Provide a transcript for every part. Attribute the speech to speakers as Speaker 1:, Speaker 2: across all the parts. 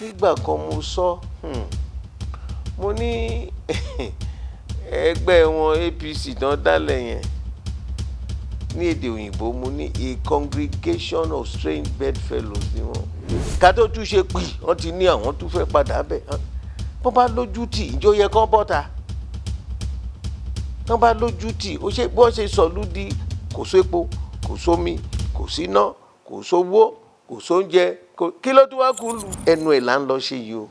Speaker 1: nígbà kan mo sọ hmm. mo ní ẹgbẹ́ wọn APC tán dálẹ̀ yẹn ní èdè òyìnbó mo ní a congregation of strange bedfellows ni wọn ká tó tún ṣe pè wọn ti ní àwọn tún fẹ́ padà bẹ̀ wọn bá lójú tì ìjọ yẹ kán bọ́ta wọn bá lójú tì ó ṣe bí wọn ṣe sọlú di kò sépo kò sómi kò síná kò sówó kò sóúnjẹ kí ló tún wá kú lù ẹnu ẹ̀ là ń lọ ṣe yìí o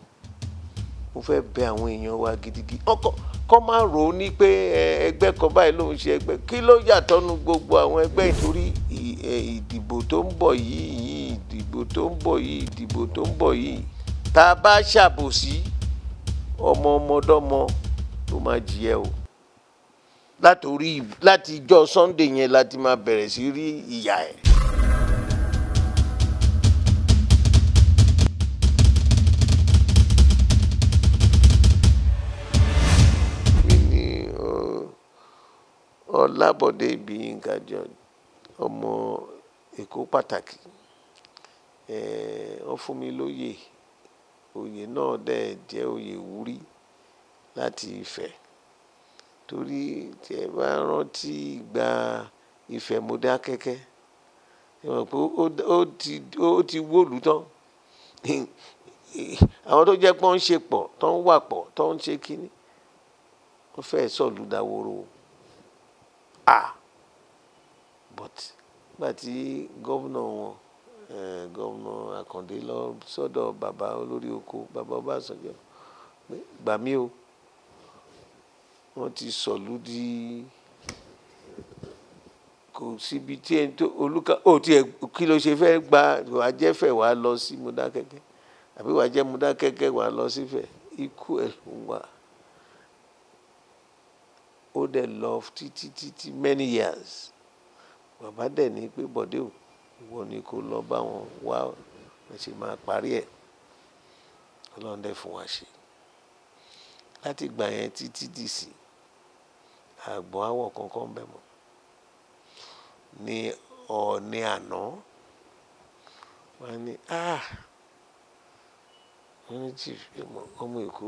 Speaker 1: mo fẹ́ bẹ àwọn èèyàn wa gidigidi ọkọ kọ́ máa rò ó ní pé ẹgbẹ́ kan báyìí ló ń ṣe ẹgbẹ́ kí ló yàtọ̀ nu gbogbo àwọn ẹgbẹ́ nítorí ìdìbò tó ń bọ̀ yìí ìdìbò tó ń bọ̀ yìí ìdìbò tó ń bọ̀ yìí tá a bá ṣàbòsí ọmọ ọmọdọ́mọ ló máa jìyẹ o látòrí láti ijọ́ Sunday yẹn láti máa bẹ̀rẹ̀ sí rí ìyà ẹ̀. ọlábọ̀dé ìbíyìnká john ọmọ èkó pàtàkì wọ́n fún mi lóyè oyè náà dẹ̀ jẹ́ oyè wúrí láti Ifẹ̀ torí tí ẹ bá rántí ìgbà Ifẹ̀ Mòdákẹ́kẹ́ ẹ mọ̀ pé ó ti wóòlù tán àwọn tó jẹ́ pé wọ́n ń ṣe pọ̀ tó ń wà pọ̀ tó ń ṣe kínní wọ́n fẹ́ẹ́ sọ̀lù dàwóró o ah but nígbà tí gómìnà wọn eh, gómìnà Àkàndé lọ sọ́dọ̀ bàbá olórí oko bàbá Ọbásanjọ́ gbà mí o wọ́n ti sọ̀lú di kò síbi tí ẹni tó olúkà ó tiẹ̀ kí ló ṣe fẹ́ gba wàá jẹ́fẹ̀ wàá lọ sí Modákẹ́kẹ́ àbí wàá jẹ́ Modákẹ́kẹ́ wàá lọ sífẹ̀ ikú ẹ̀ ló wà ó dẹ̀ lọ títí títí many years bàbá dẹ̀ ní pé bọ̀dé ò ìwọ ni kó lọ bá wọn wá wọn ṣe máa parí ẹ̀ ọlọ́run dẹ̀ fún wa ṣe láti gbà yẹn títí dì sí àgbọ̀ àwọ̀ kankan bẹ̀ mọ́ ní ọ̀ọ́ni àná wọn ni ah wọn ní chief ọmọ èkó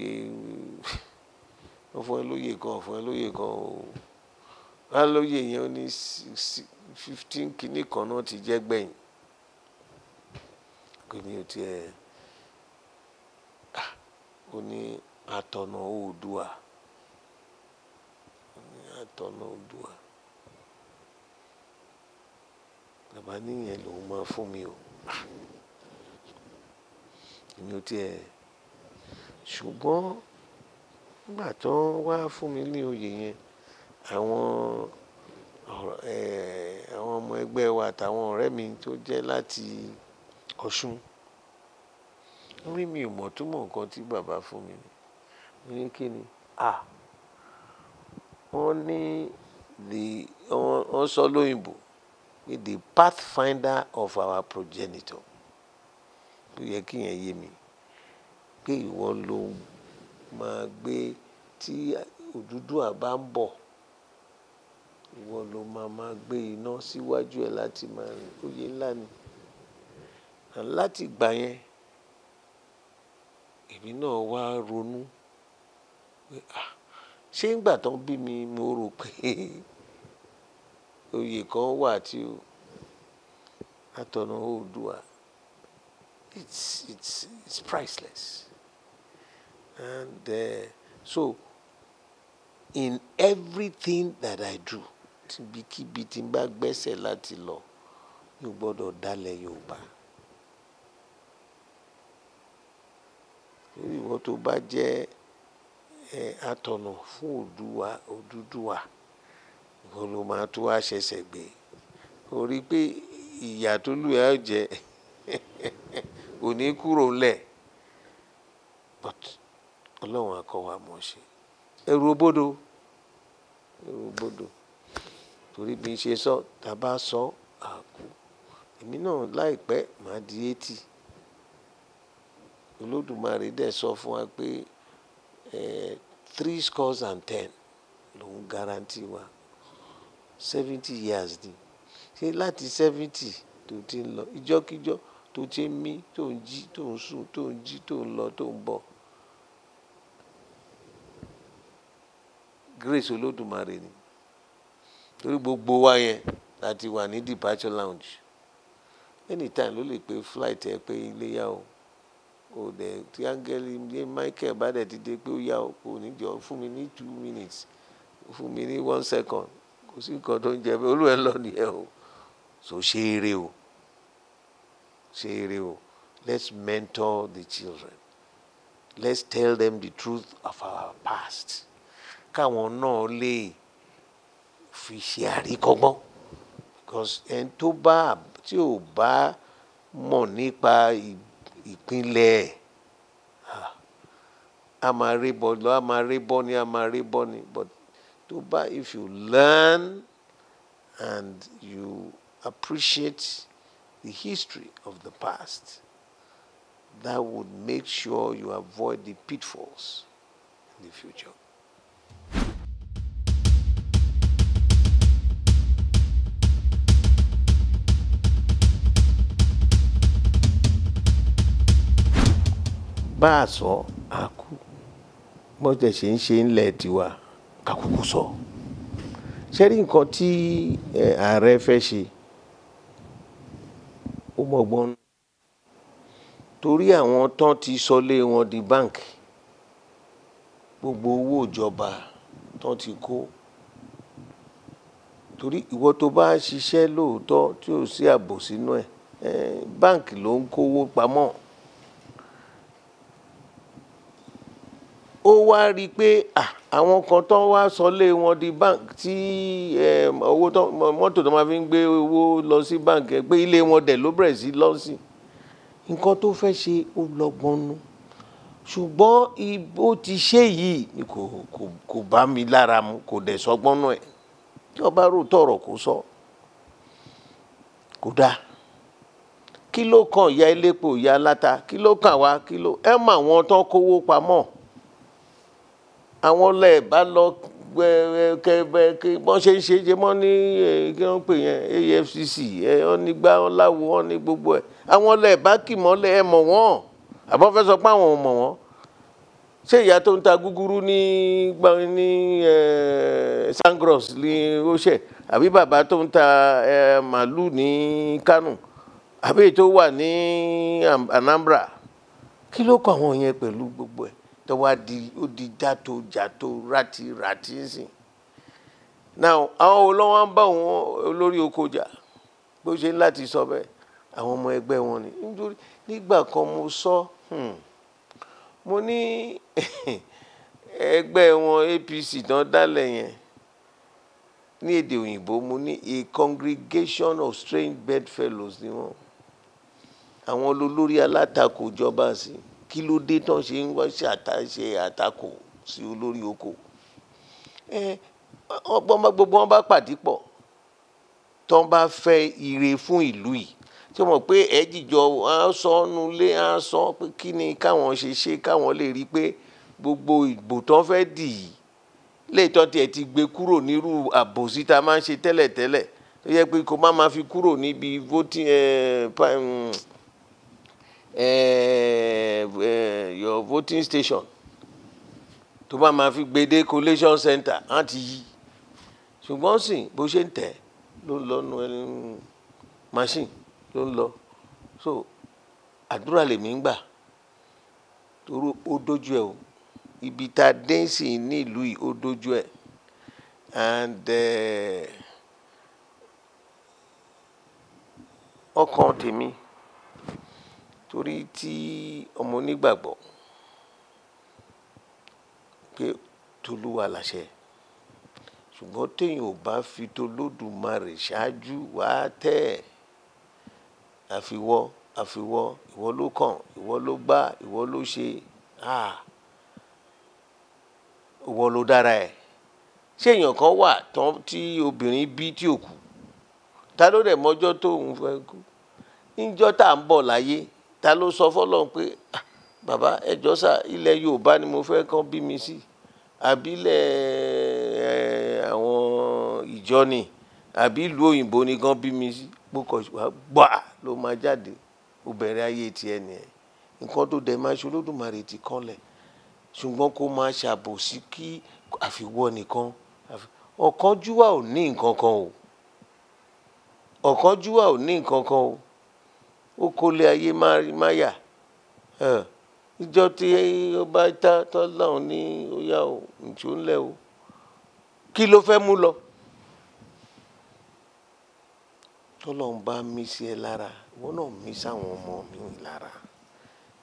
Speaker 1: yẹ ó fún ẹ lóye kan fún ẹ lóye kan o á lóye yẹn ó ní fifteen kìíní kan náà ti jẹ́ gbẹ̀yìn pé mi ò tiẹ̀ ah, ó ní àtọ̀nà oòdùà ó ní àtọ̀nà oòdùà bàbá níyẹn lòun máa fún mi o ah, èmi ò tiẹ̀ ṣùgbọ́n nígbà tó wá fún mi ní oyè yẹn àwọn àwọn ọmọ ẹgbẹ́ wa àtàwọn ọ̀rẹ́ mi tó jẹ́ láti Ọ̀ṣun orí mi ò mọ̀ túmọ̀ nǹkan tí bàbá fún mi ni mo ní kí ni à wọ́n ní the wọ́n sọ lóyìnbó pé the pathfinder of our progenitor tó yẹ kí yẹn yé mi pé ìwọ ló ń máa gbé tí Odùduwà bá ń bọ̀ ìwọ ló máa máa gbé iná síwájú ẹ̀ láti máa rìn oyè ńlá ni láti ìgbà yẹn èmi náà wá ronú pé ah ṣé ńgbà tán bí mi mo rò pé oyè kan wà tí o látọ̀nà Oòduà it's it's it's priceless. And uh, so, in everything that I do, tibikíbi tí n bá gbẹ́sẹ̀ láti lọ yóò gbọ́dọ̀ dálẹ̀ Yorùbá. Torí ìwọ tó bá jẹ́ ẹ atọ̀nà fún Òdùwà Odùduwà ìwọ ló máa tó wá ṣẹ̀ṣẹ̀ gbé. O rí pé ìyà tó lù ẹ́ jẹ kò ní kúrò ńlẹ̀. But ọlọ́run akọ wa mọ̀ ṣe ẹrù obodo ẹrù obodo torí bí n ṣe sọ tá a bá sọ àkú èmi náà láìpẹ́ màá di eighty olódùmarè dẹ̀ sọ fún wa pé three scores and ten lòún garanti wa seventy years ni ṣé láti seventy tó ti ń lọ ìjọ́kíjọ́ tó ti ń mí tó ń jí tó ń sùn tó ń jí tó ń lọ tó ń bọ̀ grace olódùmarè ni torí gbogbo wa yẹn láti wà ní departure lounge anytime ló lè pe flight ẹ pé ilé yá o ò dẹ̀ tí áńgẹ́lì ní Michael bá dẹ̀ ti dé pé ó yá o kò ní jọ fún mi ní two minutes fún mi ní one second kò sí nǹkan tó ń jẹ pé olú ẹ lọ nìyẹn o so ṣe eré o ṣe eré o let's mentor the children let's tell them the truth of our past. káwọn náà lè fi ṣe àríkọ́gbọ́n because ẹni tó bá tí ò bá mọ̀ nípa ìpínlẹ̀ ẹ̀ a máa rí bọ́ lọ a máa rí bọ́ ni a máa rí bọ́ ni but tó bá if you learn and you appreciate the history of the past that would make sure you avoid the pitfalls in the future. bá a sọ àkú bó tẹ̀ ṣe ń ṣe ńlẹ̀ tiwa kakúkú sọ ṣé rí nǹkan tí ààrẹ fẹ́ ṣe ó mọ̀gbọ́n torí àwọn tán ti sọlé wọn di báǹkì gbogbo owó ìjọba tán ti kó torí ìwọ tó bá ṣiṣẹ́ lóòótọ́ tí ò sí ààbò sínú ẹ̀ báǹkì ló ń kówó pamọ́. ó wá rí i pé àwọn kan tó wá sọlé wọn di bank tí owó mọ́tò tó máa fi ń gbé owó lọ sí bank pé ilé wọn dẹ̀ ló bẹ̀rẹ̀ sí lọ́sìn nǹkan tó fẹ́ ṣe ó lọ gbọ́nú ṣùgbọ́n ibo ti ṣe yìí kò kò kò bá mi lára mu kò dẹ̀ sọgbọ́n náà ẹ̀ tí ọba rò tọrọ kó sọ kò dáa kí ló kàn ìyá elépo ìyá aláta kí ló kàn wá kí ló ẹ mọ àwọn tán kówó pamọ́ àwọn ọlẹ́ bá lọ kẹ̀bẹ̀ kí wọ́n ṣe ń ṣe jẹ mọ́ ní kí wọ́n pè yẹn AFCC wọ́n ní gbá wọn láwo wọ́n ní gbogbo ẹ̀ àwọn ọlẹ́ bá kì mọ́lẹ̀ ẹ mọ̀ wọ́n àbọ̀ fẹ́ sọ pé àwọn ò mọ̀ wọ́n ṣé ìyá tó ń ta gúgúrú ní ní Sangros ní ó ṣẹ̀ àbí bàbá tó ń ta màálù ní Kánò àbí tó wà ní Anambra kí ló kọ àwọn yẹn pẹ̀lú gbogbo ẹ̀ tó wá di ó di jàtó jàtó rati rati sìn now àwọn olówó ń bá wọn olórí oko jà bó ṣe láti sọ bẹ́ẹ̀ àwọn ọmọ ẹgbẹ́ wọn ni nítorí nígbà kan mo sọ hmm, mo ní ẹgbẹ́ wọn APC tán dálẹ̀ yẹn ní èdè òyìnbó mo ní a congregation of strange bedfellows ni wọn àwọn olórí alátakò jọba sí i kí ló dé tán ṣe ń wá ṣe àtàṣe àtakò sí olórí oko gbogbo wọn bá pàdé pọ̀ tán bá fẹ́ ire fún ìlú yìí tí wọ́n pé ẹ jìjọ á sọ ọ́nú lé á sọ pé kí ni káwọn ṣe ṣe káwọn lè rí i pé gbogbo ìbò tán fẹ́ dì í léètọ́ tiẹ̀ ti gbé kúrò nírú àbòsí tá a máa ń ṣe tẹ́lẹ̀tẹ́lẹ̀ tó yẹ pé kó má máa fi kúrò níbi voting Eh, eh, your voting station tó bá máa fi gbede collation center á ti yí ṣùgbọ́n sì bó ṣe ń tẹ̀ ló ń lọ nu eh, machine ló ń lọ so àdúrà lèmi ń gbà torí ó dojú ẹ o ibi tá a dé sí ní ìlú yìí ó dojú ẹ and ọkàn tèmi. Uh, torí tí ọmọ onígbàgbọ́ pé tolúwa làṣẹ ṣùgbọ́n téèyàn ò bá fi tolódùmarè ṣáájú wá tẹ̀ àfiwọ́ àfiwọ́ ìwọ ló kàn ìwọ ló gbá ìwọ ló ṣe ìwọ ló dára ẹ̀ ṣé èèyàn kan wà tán tí obìnrin bí tí ò kú ta ló dẹ̀ mọ́jọ́ tó òun fẹ́ kú níjọ́ tá à ń bọ̀ láyé ta ló sọ fọlọ́run pé ah, bàbá ẹjọ́ sà ilẹ̀ yorùbá ni mo fẹ́ kán bí mi sí àbílẹ̀ eh, àwọn ìjọ ni àbí ìlú òyìnbó ni kán bí mi sí gbókọ̀ ṣùgbọ́n gbà ló máa jáde obìnrin ayé tiẹ̀ nìyẹn nǹkan tó dẹ̀ máa ṣe olódùmarè ti kánlẹ̀ ṣùgbọ́n kó máa ṣàbòsí kí àfiwọ́ nìkan ọ̀kánjúwà ò ní nǹkan kan o ọ̀kánjúwà ò ní nǹkan kan o ó kólé ayé máyà ìjọ tí ó bá tá tọ́láhùn ní ó yá o ǹjọ́ ńlẹ̀ o kí ló fẹ́ mú lọ tọ́lọ́hùn bá mí sí ẹ lára ìwọ náà mí sáwọn ọmọ mi lára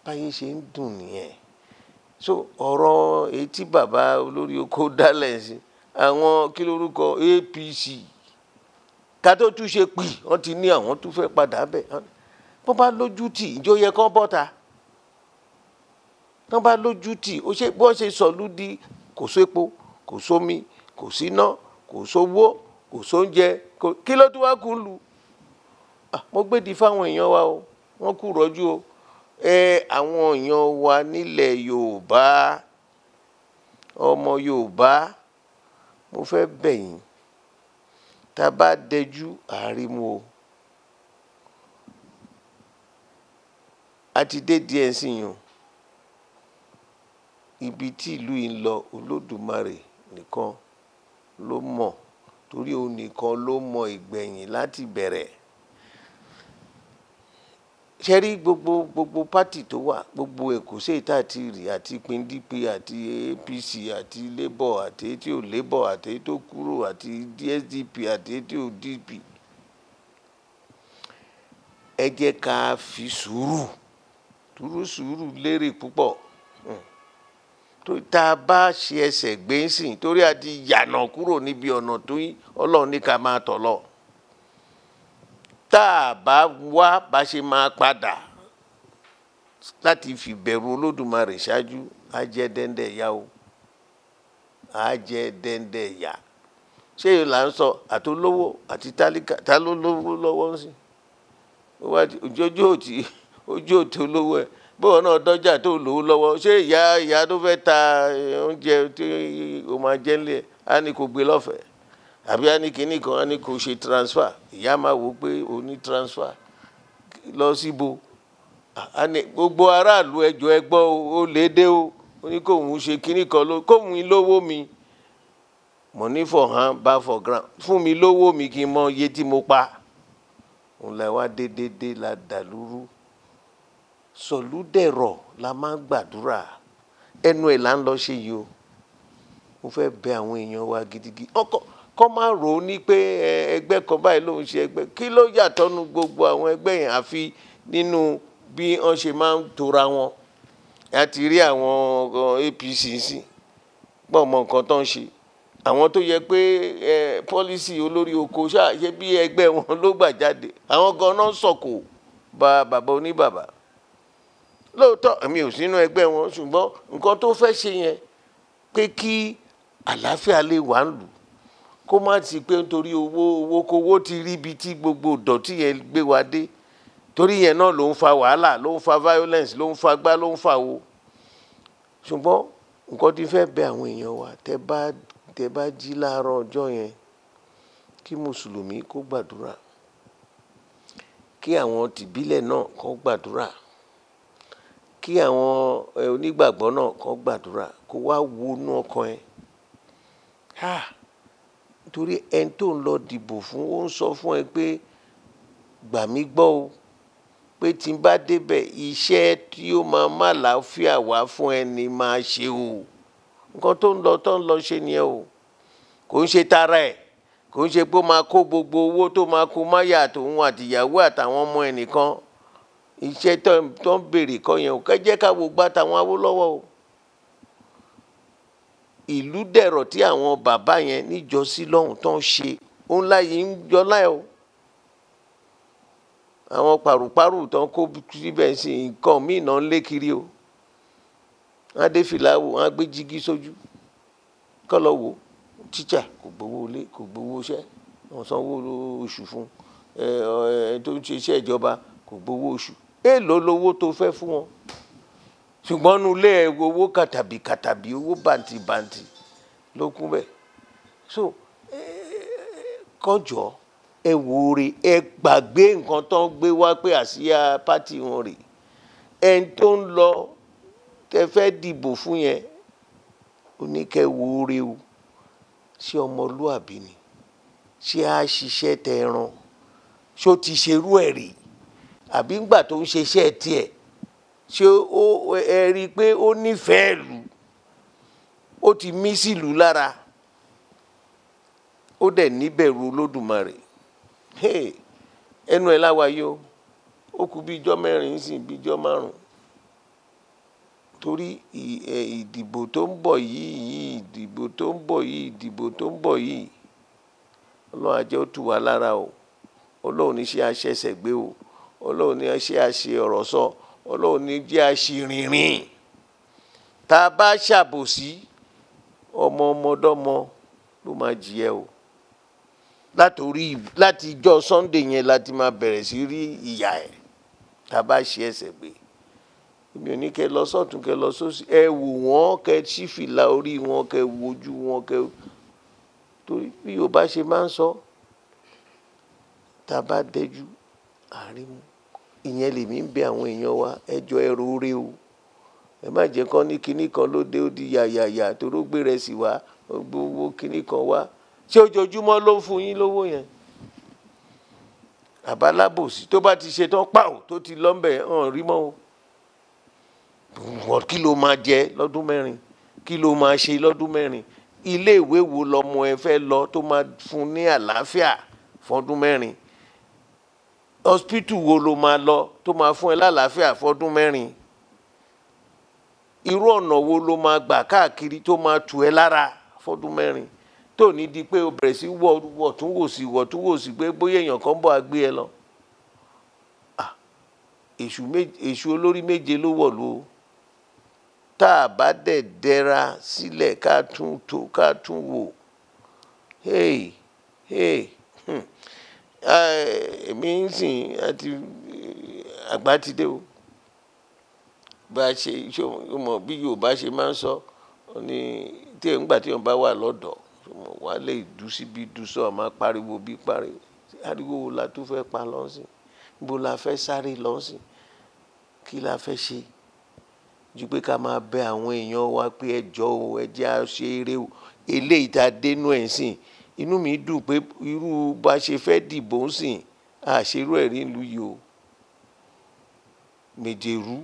Speaker 1: báyé ṣe ń dùn nìyẹn so ọ̀rọ̀ èyí tí bàbá olórí oko dálẹ̀ sí àwọn kí lórúkọ APC ká tó tún ṣe pì wọ́n ti ní àwọn tún fẹ́ padà bẹ̀ bó bá lójú tì ìjọ yẹ kó bọ́ta tó bá lójú tì ó ṣe bó ṣe sọ̀lú di kò sépo kò sómi kò síná kò sówó kò sóúnjẹ kí ló tún wá kú lu mo gbèdì fáwọn èèyàn wa o wọ́n kú rọ́jú o ẹ àwọn èèyàn wa nílẹ̀ Yorùbá ọmọ Yorùbá mo fẹ́ bẹ̀ yín tá a bá dẹjú àárín mu o. a ti dé díẹ̀ sí yun ibi tí ìlú yìí ń lọ olódùmarè nìkan ló mọ̀ torí òun nìkan ló mọ ìgbẹ̀yìn láti bẹ̀rẹ̀ ṣe rí gbogbo gbogbo pátì tó wà gbogbo èkó ṣètà àti rì àti pin DP àti APC àti Labour àti tí ò Labour àti tó kúrò àti DSDP àti tí ò DP ẹ jẹ́ ká fi sùúrù dúró sùúrù lérè púpọ̀ hmm. tá a bá ṣe ẹsẹ̀ gbé ń sìn torí a ti yànà kúrò níbi ọ̀nà tó yí ọlọ́run ní ká máa tọ̀ lọ tá a bá wá bá ṣe máa padà láti fi bẹ̀rù olódùmarè ṣáájú á jẹ́ dẹ́ndẹ̀ yá o á jẹ́ dẹ́ndẹ̀ yá ṣé èyí là ń sọ àtolówó àti tálíkà tá lọ́wọ́ ń sìn ojú ojú òtí ojú òtí olówó ẹ̀ bọ́ọ̀ náà dọ́jà tó lò ó lọ́wọ́ ṣé ìyá ìyá tó fẹ́ ta eh, oúnjẹ tí o máa jẹ́ ńlẹ̀ á ní kò gbé lọ́fẹ̀ẹ́ àbí á ní kinní kan á ní kò ṣe transfer ìyá máa wò ó pé o ní transfer lọ síbo á ní gbogbo aráàlú ẹjọ́ ẹgbọ́ ó lè dé o ó ní kóun ṣe kinní kan ló kóun lówó mi money for hand bá for ground fún mi lówó mi kí n mọ iye tí mo pa òun làwa dédédé la dàlúrú sọ̀lúdẹ̀rọ̀ la máa ń gbàdúrà ẹnu ẹ̀ là ń lọ ṣe yìí o mo fẹ́ bẹ àwọn èèyàn wa gidigidi ọkọ kọ́ má rò ó ní pé ẹgbẹ́ kan báyìí ló ń ṣe ẹgbẹ́ kí ló yàtọ̀ nu gbogbo àwọn ẹgbẹ́ yẹn àfi nínú bí wọ́n ṣe máa ń tora wọn a ti rí àwọn APC sí pọ̀ mọ́ nǹkan tó ń ṣe àwọn tó yẹ pé ẹ pọ́lísì olórí oko ṣáà ṣe bí ẹgbẹ́ wọn ló gbà jáde àwọn gan-an sọ̀kò ba bàbá oníbàbà lóòótọ́ èmi ò sínú ẹgbẹ́ wọn ṣùgbọ́n nǹkan tó fẹ́ ṣe yẹn pé kí àlàáfíà lè wà ń lù kó má ti pé nítorí owó owó kówó ti rí ibi tí gbogbo ìdọ̀tí yẹn gbé wa dé torí yẹn náà ló ń fa wàhálà ló ń fa violence ló ń fa gbá ló ń fa wo ṣùgbọ́n nǹkan tí fẹ́ bẹ àwọn èèyàn wa tẹ bá tẹ bá jí láàárọ̀ ọjọ́ yẹn kí mùsùlùmí kó gbàdúrà kí àwọn tìbílẹ̀ náà kó gbàdúrà kí àwọn eh, onígbàgbọ́ náà kan gbàdúrà kó wá wọnú ọkàn ẹ torí ẹni tó ń lọ dìbò fún ó ń sọ fún ẹ pé gbà mí gbọ́ o pé tí n bá débẹ̀ iṣẹ́ tí ó máa má láàfíà wá fún ẹ ni máa ṣe o nǹkan tó ń lọ tó ń lọ ṣe nìyẹn o kò ń ṣe tara ẹ̀ kò ń ṣe pé ó máa kó gbogbo owó tó máa kó máyà tòun àtìyàwó àtàwọn ọmọ ẹ̀ nìkan iṣẹ́ tó ń béèrè kọ́ yẹn ò kẹ́ jẹ́ ká wo gbá tàwọn Awólọ́wọ̀ o ìlú dẹ̀rọ̀ tí àwọn bàbá yẹn níjọsí lọ́hùn tó ń ṣe òun láyé ń jọlá o àwọn pàrùpàrù tó ń kó síbẹ̀ sí nǹkan míì náà ń lé kiri o wọ́n á dé gbé jígí sójú kọ́ lọ wò tíjà kò gbowó ilé kò gbowó iṣẹ́ wọ́n sanwó oṣù fún ẹ ẹ tó ń ṣe iṣẹ́ ìjọba kò gbowó oṣù èèlò lowó tó fẹ́ fún wọn ṣùgbọ́n nu ilé ẹ̀ owó kàtàbí kàtàbí owó bàǹtì bàǹtì ló kún bẹ́ẹ̀ so kọjọ ẹ wò rè ẹ gbàgbé nǹkan tó ń gbé wá pé àsíá pátì wọn rè ẹni tó ń lọ tẹ fẹ́ dìbò fún yẹn oníkẹ wò rè o ṣé ọmọlúàbí ni ṣé a ṣiṣẹ́ tẹ ẹran ṣó ti ṣerú ẹ̀ rèé àbí ńgbà tó ń ṣeṣẹ́ tiẹ̀ ṣé ó ẹ rí i pé ó nífẹ̀ẹ́ ìlú ó ti mí sílù lára ó dẹ̀ níbẹ̀rù olódùmarè ẹnu ẹ̀ láwàyé o ó kù bí ijọ́ mẹ́rin sí bí ijọ́ márùn-ún torí ìdìbò tó ń bọ̀ yìí yìí ìdìbò tó ń bọ̀ yìí ìdìbò tó ń bọ̀ yìí ọlọ́run á ó tù wá lára o ọlọ́run ní ṣe àṣẹṣẹ̀ gbé o olóhùn ní ṣé a ṣe ọ̀rọ̀ sọ olóhùn ní jẹ́ a ṣe rìnrìn tá a bá ṣàbòsí ọmọ ọmọdọ́mọ ló máa jìyẹ o látòrí láti ijọ́ sunday yẹn láti máa bẹ̀rẹ̀ sí rí ìyà ẹ̀ tá a bá ṣe ẹsẹ̀ gbé èmi ò ní kẹ lọ sọ́tún kẹ lọ sósì ẹ wò wọ́n kẹ sífìlà orí wọn kẹ wojú wọn kẹ torí bí Yorùbá ṣe máa ń sọ tá a bá dẹjú àrímú ìyẹn lèmi ń bẹ àwọn èèyàn wa ẹjọ́ ẹrù rẹ o ẹ má jẹ́ kán ní kinní kan ló dé ó di yàyàyà tó ló gbé rẹ sí wa gbogbo kinní kan wá ṣé ojoojúmọ́ ló ń fún yín lówó yẹn àbálábòsí tó bá ti ṣe tán pàù tó ti lọ́nbẹ̀ hàn rí mọ́ o kí ló máa jẹ lọ́dún mẹ́rin kí ló máa ṣe lọ́dún mẹ́rin iléèwé wo lọmọ ẹ fẹ́ lọ tó máa fún ní àlàáfíà fọ́dún mẹ́rin hospital wo lo máa lọ tó máa fún ẹ lálàáfíà fọdún mẹ́rin irú ọ̀nà wo lo máa gbà káàkiri tó máa tù ẹ lára fọdún mẹ́rin tó ní di pé o bẹ̀rẹ̀ sí wọ wọ̀ tún wò sí wọ̀ tún wò sí pé bóyá èèyàn kan bọ̀ á gbé ẹ lọ èṣù olórí méje ló wọ̀ lóo tá a bá dẹ̀ dẹra sílẹ̀ ká tún tó ká tún wò hey hey èmi ń sìn àti àgbà ti dé o bá a ṣe mọ bí Yorùbá ṣe máa ń sọ ní tí ẹ̀ ń gbà tí wọ́n bá wà lọ́dọ̀ wà lè dú síbi dú sọ máa pariwo bí pariwo ariwo wo la tó fẹ́ pa lọ́sìn níbo la fẹ́ sáré lọ́sìn kí la fẹ́ ṣe ju pé ká máa bẹ àwọn èèyàn wa pé ẹjọ́ o ẹjẹ́ a ṣe eré o eléyìí tá a dénú ẹ̀ sìn inú mi dùn pé irú bá ṣe fẹ́ dìbò ń sìn àṣerú ẹ̀rí ìlú yìí o mèjèrú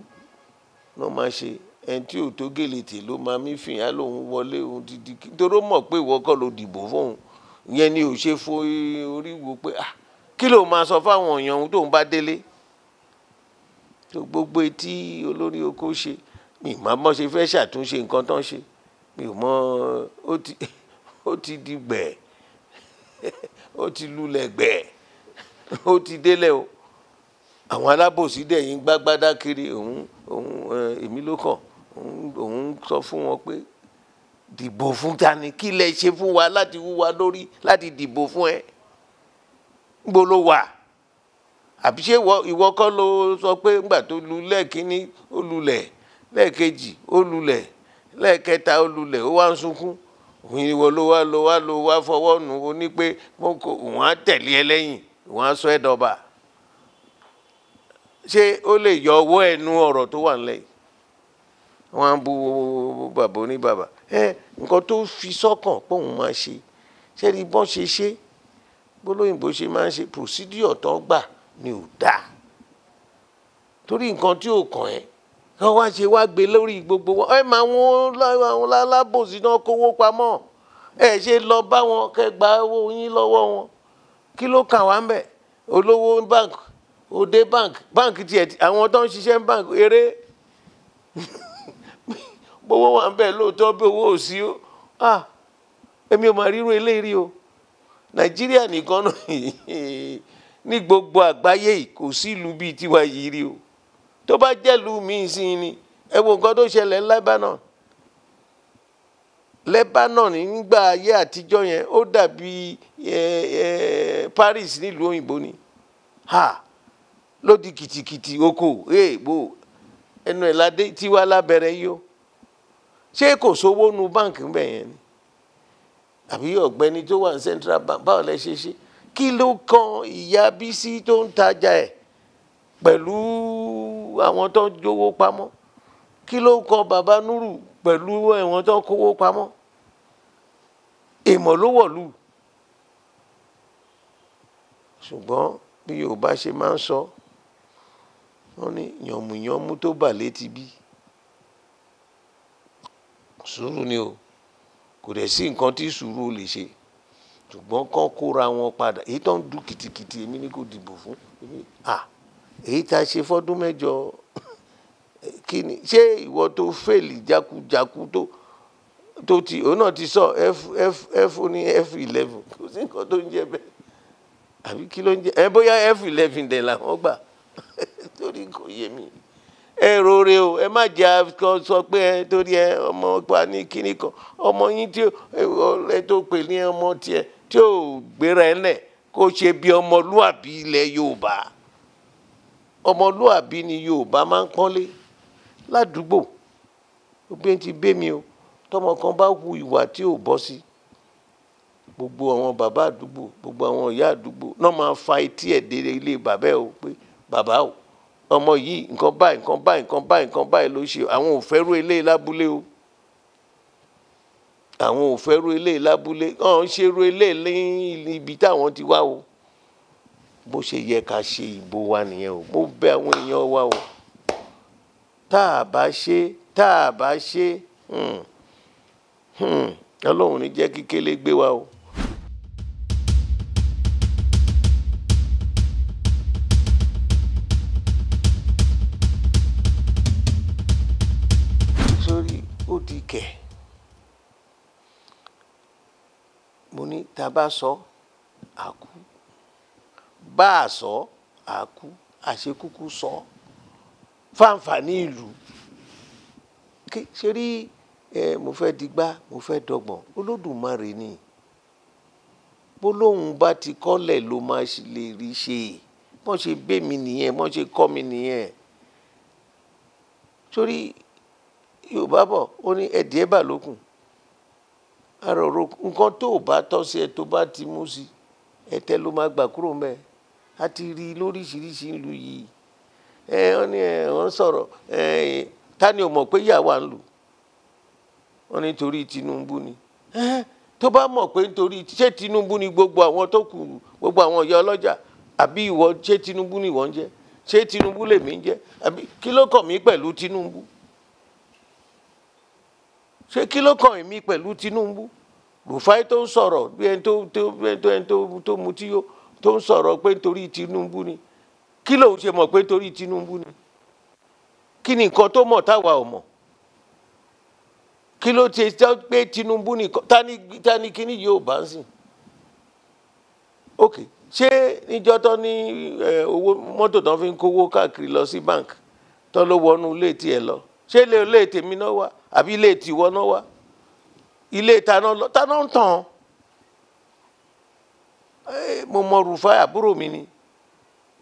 Speaker 1: náà máa ṣe ẹni tí ò tó gèlè tè ló máa mí fìyà lòun wọlé òun dídí nítorí ó mọ̀ pé ìwọ kọ́ ló dìbò fóun ìyẹn ni ò ṣe fo orí wo pé ah kí ló máa sọ fáwọn èèyàn òun tóun bá délé tó gbogbo etí olórí oko ṣe mi ì má mọ́ ṣe fẹ́ ṣàtúnṣe nǹkan tán ṣe mi ò mọ́ ó ti di ó ti lulẹ̀ gbẹ̀ ó ti délẹ̀ o àwọn alábòsí dẹ̀ yín gbágbádá kiri òun òun èmi ló kàn òun sọ fún wọn pé dìbò fún tani kí lẹ ṣe fún wa láti wúwa lórí láti dìbò fún ẹ gbó ló wà àbí ṣé ìwọ kọ́ ló sọ pé ńgbà tó lu lẹ́ẹ̀kínní ó lulẹ̀ lẹ́ẹ̀kejì ó lulẹ̀ lẹ́ẹ̀kẹta ó lulẹ̀ ó wá ń sunkún ìwọ ló wá ló wá ló wá fọwọ́ nù ó ní pé wọ́n á tẹ̀lé ẹ lẹ́yìn wọ́n á sọ ẹ dọba ṣé ó lè yọ ọwọ́ ẹnu ọ̀rọ̀ tó wà nílẹ̀ wọ́n á bu bàbá oní bàbá ẹ nǹkan tó fi sọ́kàn pé òun máa ṣe ṣé ní bọ́n ṣe ṣe gbólóyìnbó ṣe máa ń ṣe procedure tó gbà ni ò dáa torí nǹkan tí ò kàn ẹ́ wọ́n wá ṣe wá gbé lórí gbogbo wọn ẹ máa wọn láwọn alábòsí náà kówó pamọ́ ẹ ṣe lọ bá wọn kẹ́ gba owó yín lọ́wọ́ wọn kí ló kàn wá ń bẹ̀ olówó bank òde bank bank tiẹ̀ àwọn tó ń ṣiṣẹ́ bank eré gbowó wà ń bẹ̀ lóòótọ́ bí owó ò sí ó ah èmi ò máa ríru eléyìí o nàìjíríà nìkan náà ní gbogbo àgbáyé kò sí ìlú bíi tiwa yìí rí o tó bá jẹ́lu míì sí i ni ẹ wo nǹkan tó ṣẹlẹ̀ ní Lebanon Lebanon nígbà ayé àtijọ́ yẹn ó dàbí Paris nílùú òyìnbó ni ha ló di kìtìkìtì oko èèbò ẹnu ẹ̀ ládé tiwa lábẹ́rẹ́ yó ṣé kò sówó nu báǹkì ń bẹ̀ yẹn ni àbí ọ̀gbẹ́ni tó wà ní Central Bank báwo lẹ ṣe ṣe kí ló kan ìyá Bísí tó ń tajà ẹ̀ pẹ̀lú àwọn tó ń jówó pamọ́ kí ló ń kọ bàbá Núrù pẹ̀lú ẹ̀wọ̀n tó ń kówó pamọ́ èèmọ̀ ló wọ̀lú ṣùgbọ́n bí Yorùbá ṣe máa ń sọ wọ́n ní yànmùyànmú tó bà létí bí sùúrù ni o kò dẹ̀ sí nǹkan tí sùúrù lè ṣe ṣùgbọ́n kán kóra wọn padà èyí tó ń du kìtìkìtì èmi ni kò dìbò fún èmi Ah èyí tá a ṣe fọ́dún mẹ́jọ kí ni ṣé ìwọ tó fèlì jákujáku tó tó ti òun náà ti sọ f f f ní f eleven kò sí nǹkan tó ń jẹ bẹ́ẹ̀ àbí kí ló ń jẹ ẹ bóyá f eleven dẹ̀ làwọn gbà torí kò yé mi ẹ rore o ẹ má jẹ àfikàn sọ pé ẹ torí ẹ ọmọ pa ní kíní kan ọmọ yín tí ẹ tó pè ní ọmọ tiẹ̀ tí ò gbéra ẹ lẹ kó ṣe bí ọmọlúàbí ilẹ̀ Yorùbá ọmọlúàbí ni Yorùbá máa ń pọ́nlé ládùúgbò gbogbo ẹni tí bẹ́ mi o tọmọ kan bá hu ìwà tí ò bọ́ sí gbogbo àwọn bàbá àdúgbò gbogbo àwọn ìyá àdúgbò náà máa fa etí ẹ̀ dé ilé bàbá ẹ̀ o pé bàbá o ọmọ yìí nǹkan báyìí nǹkan báyìí nǹkan báyìí nǹkan báyìí ló ṣe àwọn ò fẹ́rú eléyìí lábúlé o àwọn ò fẹ́rú eléyìí lábúlé ọ̀hún ṣerú eléyìí ní ibi táwọn ti wá o bó ṣe yẹ ká ṣe ìbò wa nìyẹn o mo bẹ̀ àwọn èèyàn wa o tá a bá ṣe tá a bá ṣe hmm, hmm, ọlọ́run ní jẹ́ kí kélé gbé wa o. sórí ó di kẹ̀ mo ní tá a bá sọ àkú. So, bá a sọ àkú àṣekúkú sọ fáǹfààní ìlú ṣe rí ẹ mo fẹ́ digbá mo fẹ́ dọgbọ̀n olódùmarè ni bólóhùn bá ti kọ́lẹ̀ ló máa lè rí ṣe wọ́n ṣe gbé mi nìyẹn wọ́n ṣe kọ́ mi nìyẹn sórí yorùbá bọ̀ ó ní ẹ̀dí ẹ̀bà lókun àròrò nǹkan tó o bá tọ́ sí ẹ tó bá ti mú sí ẹ̀tẹ́ ló máa gbà kúrò mẹ́ẹ̀ a ti rí i lóríṣiríṣi ìlú yìí ẹ wọ́n ní ẹ wọ́n sọ̀rọ̀ ẹ ta ni ò mọ̀ pé ìyá wa ń lù wọ́n ní torí Tinubu ni tó bá mọ̀ pé nítorí ṣé Tinubu ni gbogbo àwọn tó kù gbogbo àwọn ìyá ọlọ́jà àbí ìwọ ṣé Tinubu ni ìwọ ń jẹ́ ṣé Tinubu lèmi ń jẹ́ àbí kí ló kàn mí pẹ̀lú Tinubu ṣé kí ló kàn mí pẹ̀lú Tinubu Rufai tó ń sọ̀rọ̀ bí ẹni tó mutí yó tó ń sọ̀rọ̀ pé nítorí Tinubu ni kí lòun ṣe mọ̀ pé nítorí Tinubu ni kí ni nǹkan tó mọ̀ táwa ò mọ̀ kí ló ti jẹ́ pé Tinubu nìkan tani tani kíní yóò bá ń sìn ok ṣé níjọ́ tó ní owó mọ́tò tó fi ń kówó káàkiri lọ sí bank tó ló wọnú ilé tiẹ̀ lọ ṣé ilé ilé tèmi náà wà àbí ilé tiwọ́ náà wà ilé taná ń tàn án mo mọ Rufai àbúrò mi ni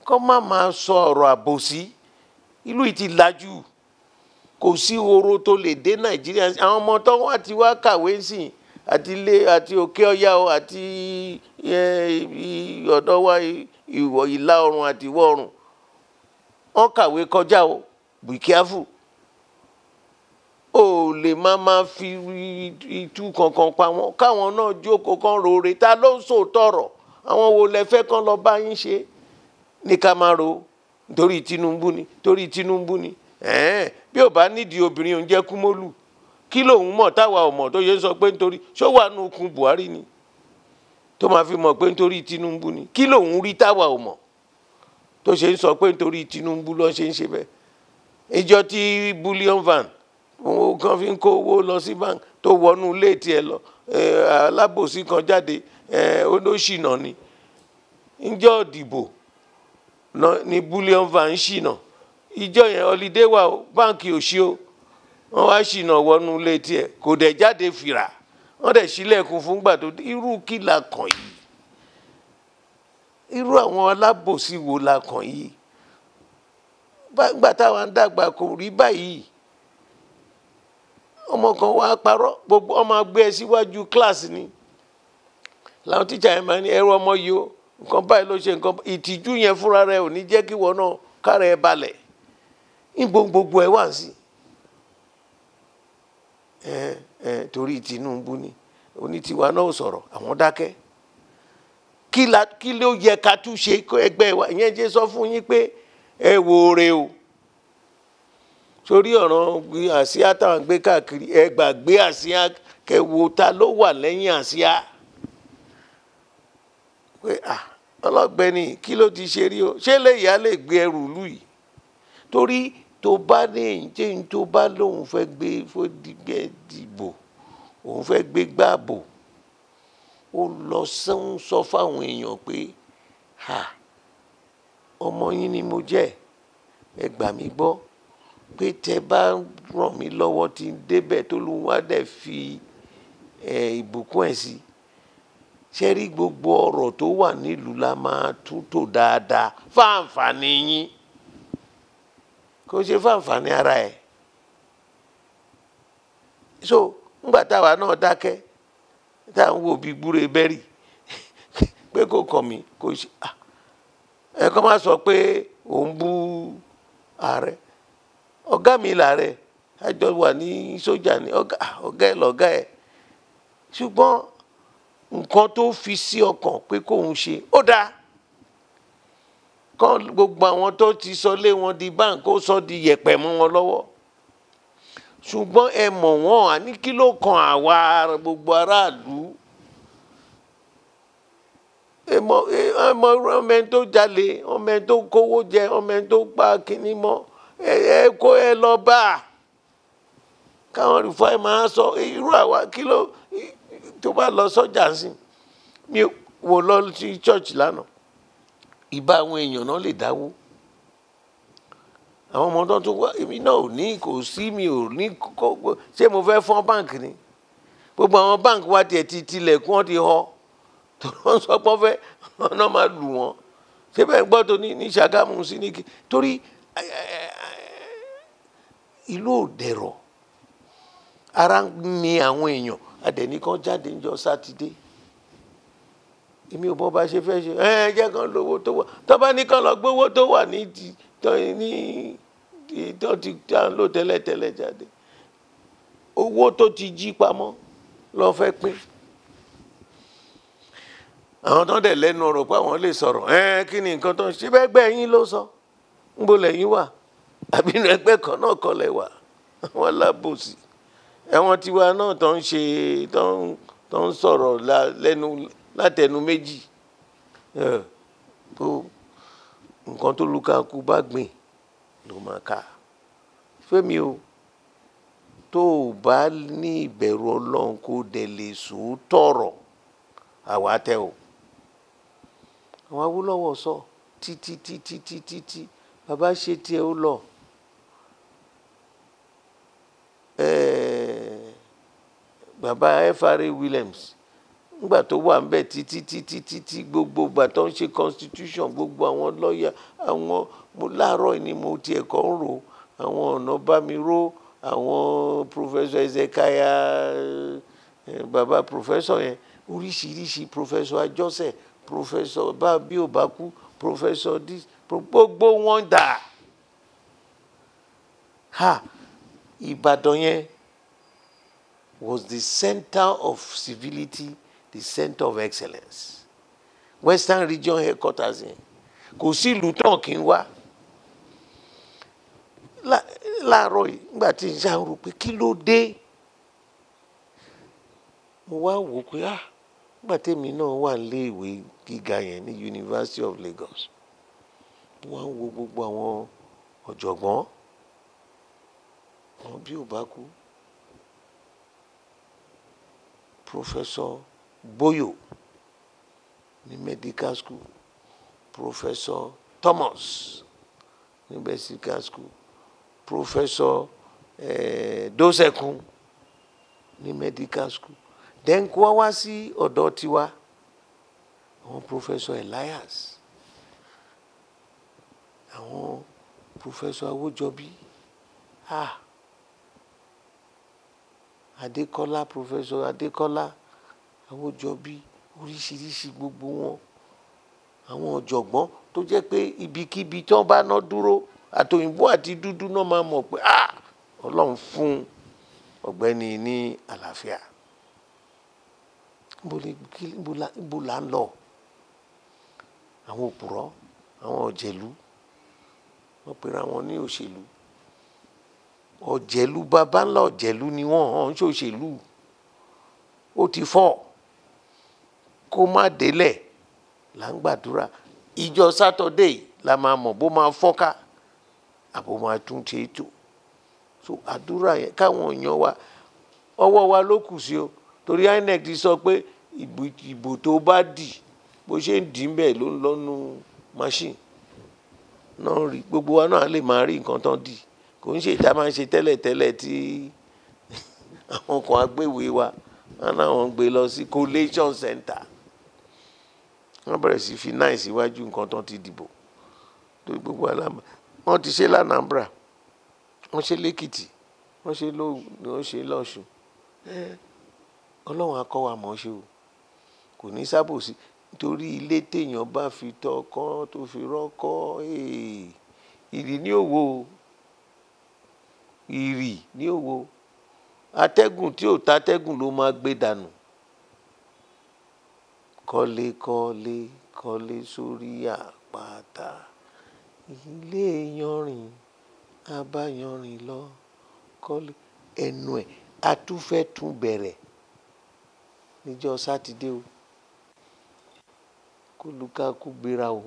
Speaker 1: kọ́ má máa sọ ọ̀rọ̀ àbòsí ìlú yìí ti lajú kò sí oró tó lè dé Nàìjíríà àwọn ọmọ tó wá ti wá kàwé sí àti ilé àti òkè ọ̀yà o àti ọ̀dọ́ wa ìwọ̀ ìlà oòrùn àti ìwọ̀ oòrùn wọ́n kàwé kọjá o be careful o lè má má fi itú kankan pa wọn káwọn náà jókòó kan rore ta ló ń sòótọ́ ọ̀rọ̀ àwọn wo lẹ fẹ́ lọ bá yín ṣe ní ká máa ro torí Tinubu ni torí Tinubu ni ẹ̀ẹ́n bí ò bá nídìí obìnrin òun jẹ́ kúmólù kí lòun mọ̀ táwa ò mọ̀ tó yẹ sọ pé nítorí ṣó wà nù okùn Buhari ni tó máa fi mọ̀ pé nítorí Tinubu ni kí lòun rí táwa ò mọ̀ tó ṣe ń sọ pé nítorí Tinubu ló ṣe ń ṣe bẹ́ẹ̀ ìjọ tí bullion van òun kan fi ń kó owó lọ sí bank tó wọnú ilé tiẹ̀ lọ eh, alábòsí kan jáde olóṣìnà ni ńjọ́ ìdìbò ni bullion van ṣìnà ìjọ yẹn ọlídé wà ó báǹkì ò ṣí ó wọ́n wá ṣìnà wọnú ilé tiẹ̀ kò dẹ̀ jáde fìrà wọ́n dẹ̀ ṣílẹ̀kùn fúngbà tó irú kí la kàn yìí irú àwọn alábòsí wo la kàn yìí gbàgbà táwa ń dàgbà kò rí báyìí ọmọ kan wàá parọ́ gbogbo ọmọ agbé ẹ síwájú kíláàsì ni làwọn tíjà yẹn máa ní ẹrú ọmọ yìí o nǹkan báyìí ló ṣe nǹkan ìtìjú yẹn fúnra rẹ ò ní jẹ́ kí wọ́n náà kára ẹ balẹ̀ níbo gbogbo ẹ wà ń sí ẹ ẹ torí Tinubu ni onítìwa náà sọ̀rọ̀ àwọn dákẹ́ kí la kí ló yẹ ká tún ṣe ẹgbẹ́ wa ìyẹn jẹ́ sọ fún yín pé ẹ wo re o sórí ọ̀ràn àsíá táwọn gbé káàkiri ẹ gbàgbé àsíá kẹ ló wà lẹ́yìn àsíá pé à ah, ọlọ́gbẹ́ni kí ló ti ṣe rí o ṣé lè yá lè gbé ẹrù ìlú yìí torí tó bá ní èyí tó bá lóun fẹ́ gbé fódìgbẹ́ dìbò òun fẹ́ gbé gbàbò ó lọ sẹ́hún sọ fáwọn èèyàn pé ha ọmọ yín ni mo jẹ́ ẹ gbà mí gbọ́ pé tẹ bá ràn mí lọ́wọ́ tí ń débẹ̀ tó lóun wá dẹ̀ fi ìbùkún ẹ̀ sí i ṣe rí gbogbo ọ̀rọ̀ tó wà nílùú la máa tún tò dáadáa fáǹfààní yín kò ṣe fáǹfààní ara ẹ̀ so ńgbà táwa náà dákẹ́ tá à ń bí gbúre bẹ́rì pé kò kàn kò ṣe ẹ kọ́ máa sọ pé òun bú ààrẹ ọ̀gá mi làárẹ̀ àjọ wà ní sójà ní ọ̀gá ẹ̀ nǹkan tó fi sí ọkàn pé kóun ṣe ó dáa kán gbogbo àwọn tó ti sọ lé wọn di báńkì ó sọ di yẹ̀pẹ̀ mú wọn lọ́wọ́ ṣùgbọ́n ẹ mọ̀ wọ́n àní kí ló kan àwa gbogbo aráàlú ọmọ ọmọ ẹni tó jalè ọmọ ẹni tó kówó jẹ ọmọ ẹni tó pa kínní mọ ẹ kó ẹ lọ bá a káwọn rìfọ́ ẹ máa sọ irú àwa kí ló tó bá lọ sọ́jà sí mi wò lọ sí church lánàá ìbá àwọn èèyàn náà lè dáwó àwọn ọmọ tó tún wá èmi náà ò ní kò sí mi ò ní kó ṣé mo fẹ́ fọ́n báǹkì ni gbogbo àwọn báǹkì wa tiẹ̀ ti tilẹ̀kùn wọn ti họ tó ń sọ pé fẹ́ ọ̀nà máa lù wọ́n ṣé bẹ́ẹ̀ gbọ́ tó ní ní Ṣàgámù sí ní kí torí ìlú òdẹ̀rọ̀ ara ń mi àwọn èèyàn adẹ̀ni kan jáde ń jọ sátidé èmi ò mọ bá ṣe fẹ́ ṣe ẹ jẹ́ kan lówó tó wà tó bá ní kan lọ gbówó tó wà ní ní tó ti tá ń lò tẹ́lẹ̀tẹ́lẹ̀ jáde owó tó ti jí pamọ́ lọ fẹ́ pín àwọn tó ń dẹ̀ lẹ́nu ọ̀rọ̀ pé àwọn lè sọ̀rọ̀ ẹ kí ni nǹkan tó ń ṣe bẹ́ẹ̀ gbẹ́ yín ló sọ ń bo lẹ́yìn wà àbí ẹgbẹ́ kan náà kọ́ lẹ̀ wà wọn lábòsí ẹ̀wọ̀n tiwa náà tó ń ṣe tó ń sọ̀rọ̀ lẹ́nu látẹnu méjì tó nǹkan tó lukaku bá gbìn ló máa kà fẹ́mi o tó o bá ní ìbẹ̀rù ọlọ́run kó dẹ̀ lè sòótọ́ ọ̀rọ̀ àwa tẹ o àwọn Awólọ́wọ̀ sọ títí títí títí tí bàbá ṣe tiẹ̀ ó lọ ẹ̀ẹ́ bàbá FRA Williams nígbà tó wà ń bẹ̀ títí títí títí gbogbo ìgbà tó ń ṣe constitution gbogbo àwọn lọ́ọ̀yà àwọn mo láàárọ̀ ni mo tiẹ̀ kọ́ ń rò àwọn ọ̀nà bámiró àwọn professor Ezekiah eh, bàbá professor yẹn oríṣiríṣi professor Ajọ́sẹ̀ professor bábí òbákú professor dis gbogbo wọn dà ha Ìbàdàn yẹn was the center of civility, the center of excellence. Western Region headquarters yẹn kò sí ìlú tán kí n wá láàárọ̀ yìí nígbà tí n ṣàrò pé kí ló dé mo wá wò pé ah nígbà tèmi náà wà nílé ìwé gíga yẹn ní University of Lagos mo wá ń wo gbogbo àwọn ọ̀jọ̀gbọ́n wọn bí ò bá kú Professor Boyo ní medical school Professor Thomas ní medical school Professor eh, Dosekun ní medical school then kó wá sí ọ̀dọ̀ tiwa àwọn Professor Elias àwọn Professor Awojobi ah Adékọ́lá Professor Adékọ́lá Awójọbí oríṣiríṣi gbogbo wọn àwọn ọ̀jọ̀gbọ́n tó jẹ́ pé ibikíbi tí wọ́n bá ná dúró àtòyìnbó àti dúdú náà máa mọ̀ pé ah ọlọ́run fún ọ̀gbẹ́ni ní àlàáfíà níbo là ń lọ àwọn òpùrọ́ àwọn ọ̀jẹ̀lú wọ́n pera wọn ní òṣèlú ọ̀jẹ̀lú bàbá ńlá ọ̀jẹ̀lú ni wọ́n hàn ṣòṣèlú ó ti fọ́ kó má délẹ̀ là ń gbàdúrà ìjọ sátọdé la máa mọ̀ bó máa fọ́nká àbó máa tún ṣe é tò so àdúrà yẹn káwọn èèyàn wa ọwọ́ wa ló kù sí o torí INEC ti sọ pé ìbò tó bá dì bó ṣe ń dì í bẹ́ẹ̀ ló ń lọ́nu machine náà rí gbogbo wa náà lè máa rí nǹkan tán dì í kò ń ṣe ìta máa ń ṣe tẹ́lẹ̀tẹ́lẹ̀ tí àwọn kan agbéwèé wa wọn náwọn gbé lọ sí collation center wọn bẹ̀rẹ̀ sí fi náà síwájú nǹkan tó ti dìbò torí gbogbo alámà wọn ti ṣe lánàmbra wọn ṣe lẹ́kìtì wọn ṣe lóògùn wọn ṣe lọ́ṣùn ọlọ́run akọ́ wa ṣe o kò ní sábòsí nítorí ilé téèyàn bá fi tọkọ tó fi rọ́kọ́ ìdí ní òwò o ìrì ní òwò atẹ́gùn tí ò tatẹ́gùn ló máa gbé dànù kọ́lé kọ́lé kọ́lé sórí àpáta ilé yanrìn abáyanrìn lọ kọ́lé ẹnu ẹ̀ atúfẹ́ tún bẹ̀rẹ̀ níjọ́ sátidé o kólúkákú gbéra o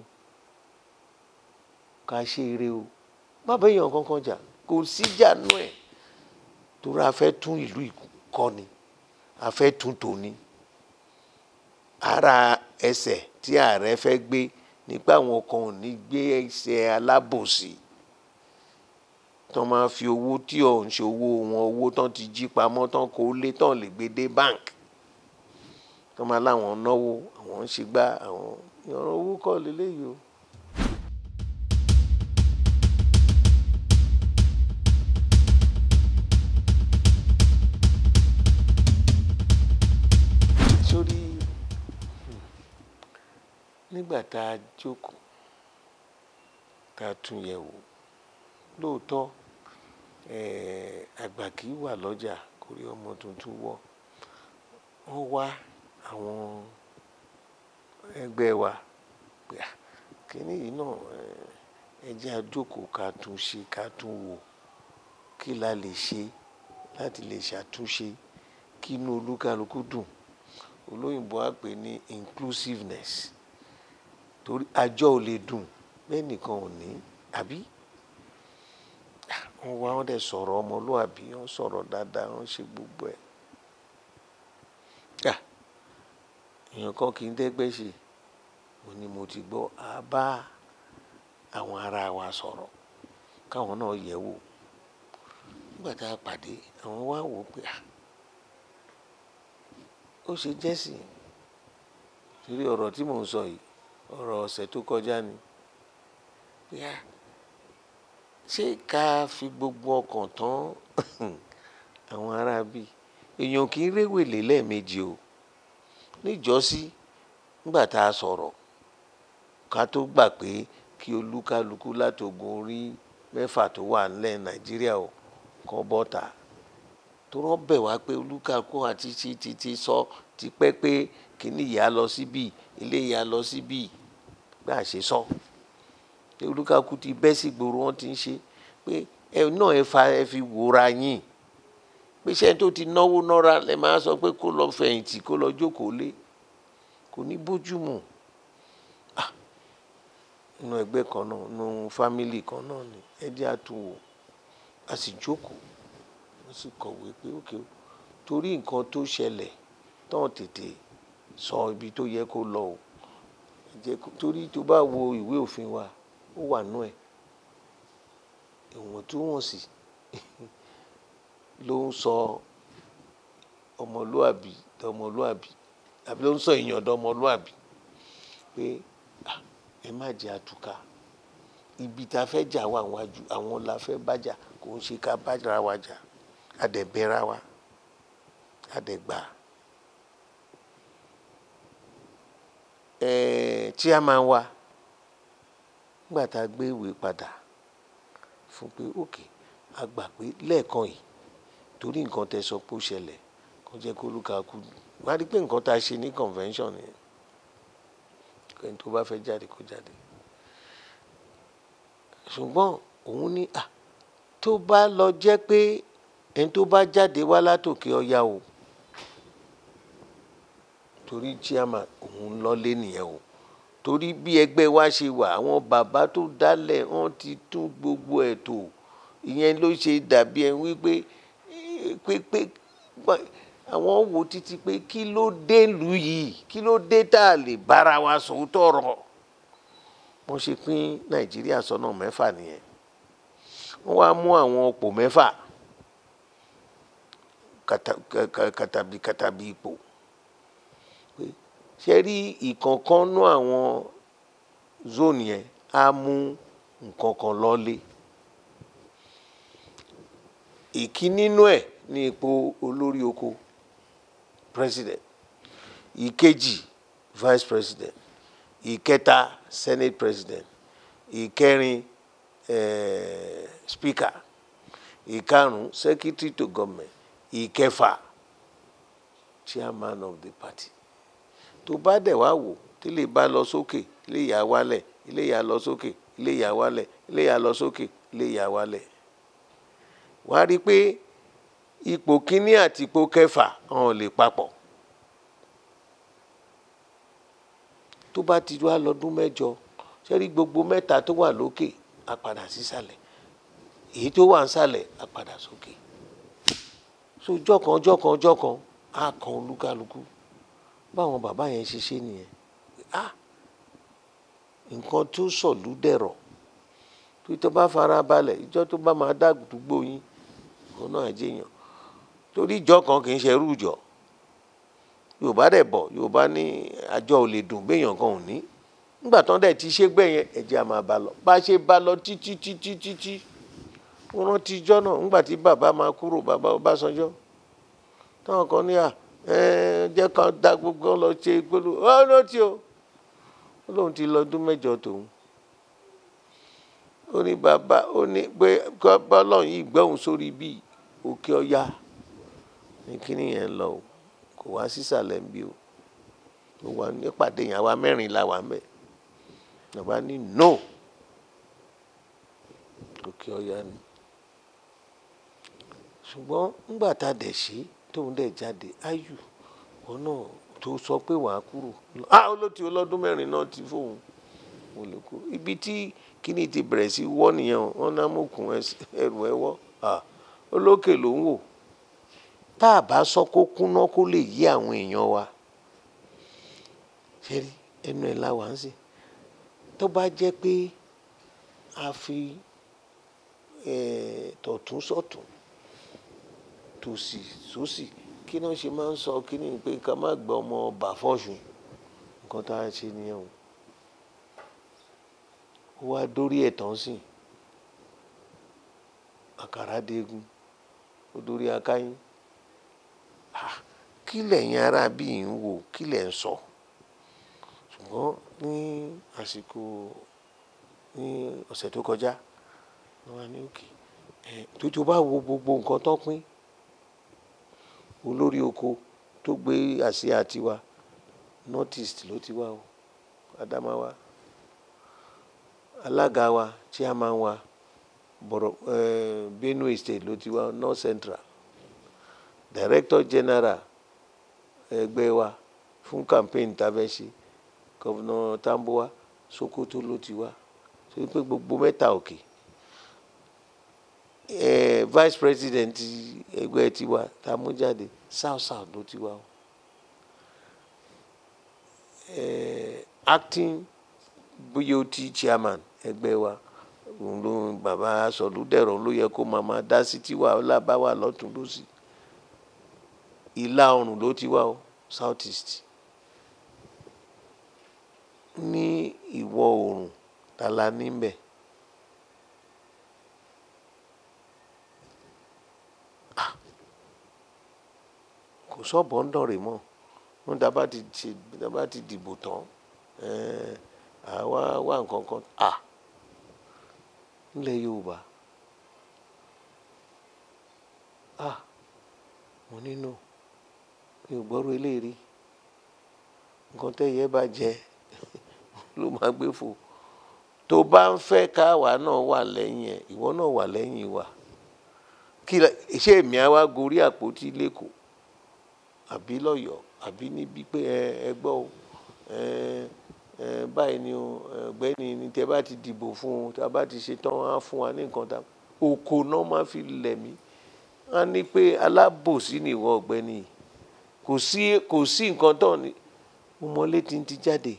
Speaker 1: ká ṣe eré o má bẹ́yàn kankan jà kò síjà nú ẹ̀ torí a fẹ́ tún ìlú kọ́ ni a fẹ́ tún tò ní ara ẹsẹ̀ tí ààrẹ fẹ́ gbé nígbà àwọn kan ò ní gbé ẹsẹ̀ alábòsí tán máa fi owó tí ò ń ṣe owó wọn owó tán ti jí pamọ́ tán kó lé tán lè gbé dé bank tán máa láwọn náwó àwọn ń ṣe gbá àwọn ìrànwọ́ kọ́ lélẹ́yìí o. nígbà tá a jókòó tá a tún yẹ̀ wò lóòótọ́ àgbà kì í wà lọ́jà kó ọmọ tuntun wọ́ wọ́n wá àwọn ẹgbẹ́ wa pé kínní yìí náà ẹ jẹ́ a jókòó ká tún ṣe ká tún wò kí la lè ṣe láti lè ṣàtúnṣe kí inú olúkálukú dùn olóyìnbó á ní inclusiveness torí àjọ ò lè dùn bẹ́ẹ̀ nìkan ò ní àbí wọ́n wá wọ́n dẹ̀ sọ̀rọ̀ ọmọlúwàbí wọ́n sọ̀rọ̀ dáadáa wọ́n ṣe gbogbo ẹ̀ èèyàn kan kì í dẹ́gbẹ́ ṣe mo ní mo ti gbọ́ a bá àwọn ará wa sọ̀rọ̀ káwọn náà yẹ̀ wò nígbà tá a pàdé àwọn wá wò ó pé ó ṣe jẹ́sìn torí ọ̀rọ̀ tí mò ń sọ yìí ọ̀rọ̀ ọ̀sẹ̀ tó kọjá ni yá ṣé ká fi gbogbo ọkàn tán àwọn aráabí èèyàn kì í réwèlé lẹ́ẹ̀mejì o níjọ́sí nígbà tá a sọ̀rọ̀ ká tó gbà pé kí olúkálukú látogun orí mẹ́fà tó wà nílẹ̀ nàìjíríà o kọ́ bọ́ta tó rán bẹ̀ wá pé olúkálukú àti títí sọ ti pẹ́ pé kíní ìyá lọ síbì ilé ìyá lọ síbì pé àṣẹ sọ olúkàkú ti bẹ́ sí gbòòrò wọn ti ń ṣe pé ẹ náà ẹ fa ẹ fi wòra yín pé ṣé tó ti náwó nára lẹ máa sọ pé kó lọ fẹ̀yìntì kó lọ jókòó lé kò ní bójúmu inú ẹgbẹ́ kan náà inú fámìlì kan náà ni ẹ jẹ́ àtúwò a sì jókòó wọ́n sì kọ̀wé pé òkè o torí nǹkan tó ṣẹlẹ̀ tán tètè sọ ibi tó yẹ kó lọ o jẹ́ torí tó bá wo ìwé òfin wa ó wà nú ẹ̀ ìwọ̀ntúnwọ̀nsì ló ń sọ ọmọlúàbí dọmọlúàbí àbí ló ń sọ èèyàn dọmọlúàbí pé ẹ má jẹ́ àtúkà ibi tá a fẹ́ jà wà wájú àwọn la fẹ́ bájà kò ń ṣe ká bájà wa jà wa chairman wa nígbà tá a gbé ìwé padà fún pé òkè a gbà pé lẹ́ẹ̀kan yìí torí nǹkan tẹ sọ pé ó ṣẹlẹ̀ kó jẹ́ kó olúkàkú wá rí pé nǹkan tá a ṣe ní convention nìyẹn ẹni tó bá fẹ́ jáde kó jáde ṣùgbọ́n òun ní tó bá lọ jẹ́ pé ẹni tó bá jáde wá látòkè ọya o torí chairman òun lọ́lé nìyẹn o torí bí ẹgbẹ́ wa ṣe wà àwọn bàbá tó dálẹ̀ wọ́n ti tún gbogbo ẹ̀ tò ìyẹn ló ṣe dàbí ẹ wípé pé pé àwọn wo títí pé kí ló dé lù yìí kí ló dé tá a lè bára wa sòótọ́ ọ̀rọ̀ wọ́n ṣe pín nàìjíríà sọ́nà mẹ́fà nìyẹn wọ́n wá mú àwọn ọ̀pọ̀ mẹ́fà kàtàbí kàtàbí ipò. Kata, kata, kata, kata, kata, kata, kata, ṣe rí ìkọ̀ọ̀kan nú àwọn zone yẹn á mú nǹkan kan lọ́lé ìkí nínú ẹ̀ ní ipò olórí oko president ìkejì vice president ìkẹta senate president ìkẹrin eh, speaker ìkarùn secretary to government ìkẹfà chairman of the party tó bá dẹ̀ wá wò tí lè bá lọ sókè ilé ìyá wálẹ̀ ilé ìyá lọ sókè ilé ìyá wálẹ̀ ilé ìyá lọ sókè ilé ìyá wálẹ̀ wàá rí i pé ipò kínní àti ipò kẹfà hàn lè papọ̀ tó bá ti wá lọ́dún mẹ́jọ sẹ́rí gbogbo mẹ́ta tó wà lókè àpadà sísàlẹ̀ èyí tó wà nísàlẹ̀ àpadà sókè so jọ̀kan jọ̀kan jọ̀kan á kan olúkálukú báwọn bàbá yẹn ṣe ṣe nìyẹn ah nǹkan tó sọ̀lú dẹ̀rọ̀ tó tó bá fara balẹ̀ ìjọ tó bá máa dàgbùdúgbò yín òun náà jẹ́yàn torí ìjọ kan kì í ṣe irú ìjọ yorùbá dẹ̀ bọ̀ yorùbá ní àjọ ò lè dùn béèyàn kan ò ní nígbà tán dẹ̀ ti ṣe gbẹ̀ yẹn ẹ̀jẹ̀ a máa bá lọ bá a ṣe bá lọ títí títí títí wọ́n rántí ijọ́ náà nígbà tí bàbá máa kúrò bàbá Ọbásanjọ́ táwọn kan ní à jẹ́ kan da gbogbo lọ ṣe gbólú ọ̀nà tí o ó lóun ti lọ ọdún mẹ́jọ tòun ó ní bàbá ó ní pé bọ́lọ́n yìí gbọ́hùn sórí bíi òkè ọya ní kíní yẹn lọ o kò wá sísàlẹ̀ ń bí o mo wà nípàdé yẹn àwa mẹ́rin la wà mẹ́ bàbá ní no òkè ọya ni ṣùgbọ́n ńgbà tá a dẹ̀ ṣe tóun dẹ̀ jáde ayù wọn náà tó sọ pé wàá kúrò ah olóòtú ọlọ́dún mẹ́rin náà ti fóun mo lè kú ibi tí kíní ti bẹ̀rẹ̀ sí wọ́ nìyẹn wọn náà mọ̀kùn ẹrù ẹwọ́ ah, olókè ló ń wò tá a bá sọ kó kúná kó lè yí àwọn èèyàn wa ṣeré ẹnu ẹ̀ la wà ń sìn tó bá jẹ́ pé a fi tọ̀tún sọ̀tún tòsí sósì kí ni wọ́n ṣe máa ń sọ kí ni pé ká má gba ọmọ ọba fọ́ṣùn nǹkan tá a ṣe nìyẹn o ó wá dórí ẹ̀tàn sí àkàrà dégun ó dórí akáyín kí lẹ̀yin ará bíi ń wò kí lẹ̀ ń sọ ṣùgbọ́n ní àsìkò ní ọ̀sẹ̀ tó kọjá wọ́n wá ní òkè tó tó bá wo gbogbo nǹkan tó pín olórí oko tó gbé àsíá tiwa north east ló ti wá o Adamawa alága wa chairman wa bọ̀rọ̀ eh, Benue state ló ti wá north central director general ẹgbẹ́ wa fún campaign tàbẹ́sí gọ́vnà Tambuwa Sokoto ló ti wá ṣe pé gbogbo mẹ́ta òkè. Okay vice president ẹgbẹ́ tiwa tá a mú jáde south south ló ti wá o acting BOT chairman ẹgbẹ́ wa ló ń bàbá sọ̀lúdẹ̀rọ̀ ló yẹ kó máa máa dá sí tiwa ọlábáwá lọ́tún lọ́sì ìlà oòrùn ló ti wá o south east ní ìwọ̀ oòrùn tàlà níbẹ̀. kò sọ́ọ̀bọ̀ ń dọ̀rẹ̀ mọ́ ní dábàá ti ṣe dábàá ti dìbò tán àwa wà nǹkan kan à nílẹ̀ Yorùbá à mo nínú mi ò gbọ́rọ̀ eléyìí nǹkan tẹ́yẹ bá jẹ ló máa gbé fò tó bá ń fẹ́ káwa náà wà lẹ́yìn ẹ̀ ìwọ náà wà lẹ́yìn wa kí ṣé èmi á wá gorí àpótí lẹ́kọ̀ọ́ àbí lọ́yọ̀ọ́ àbí níbi pé ẹ gbọ́ o báyìí ni o ọ̀gbẹ́ni ni tẹ bá ti dìbò fún o tá a bá ti ṣe tán á fún wa ní nǹkan tá oko náà máa fi lẹ̀ mí á ní pé alábòsí ni ìwọ ọ̀gbẹ́ni kò sí kò sí nǹkan tán ni mo mọlé tí ti jáde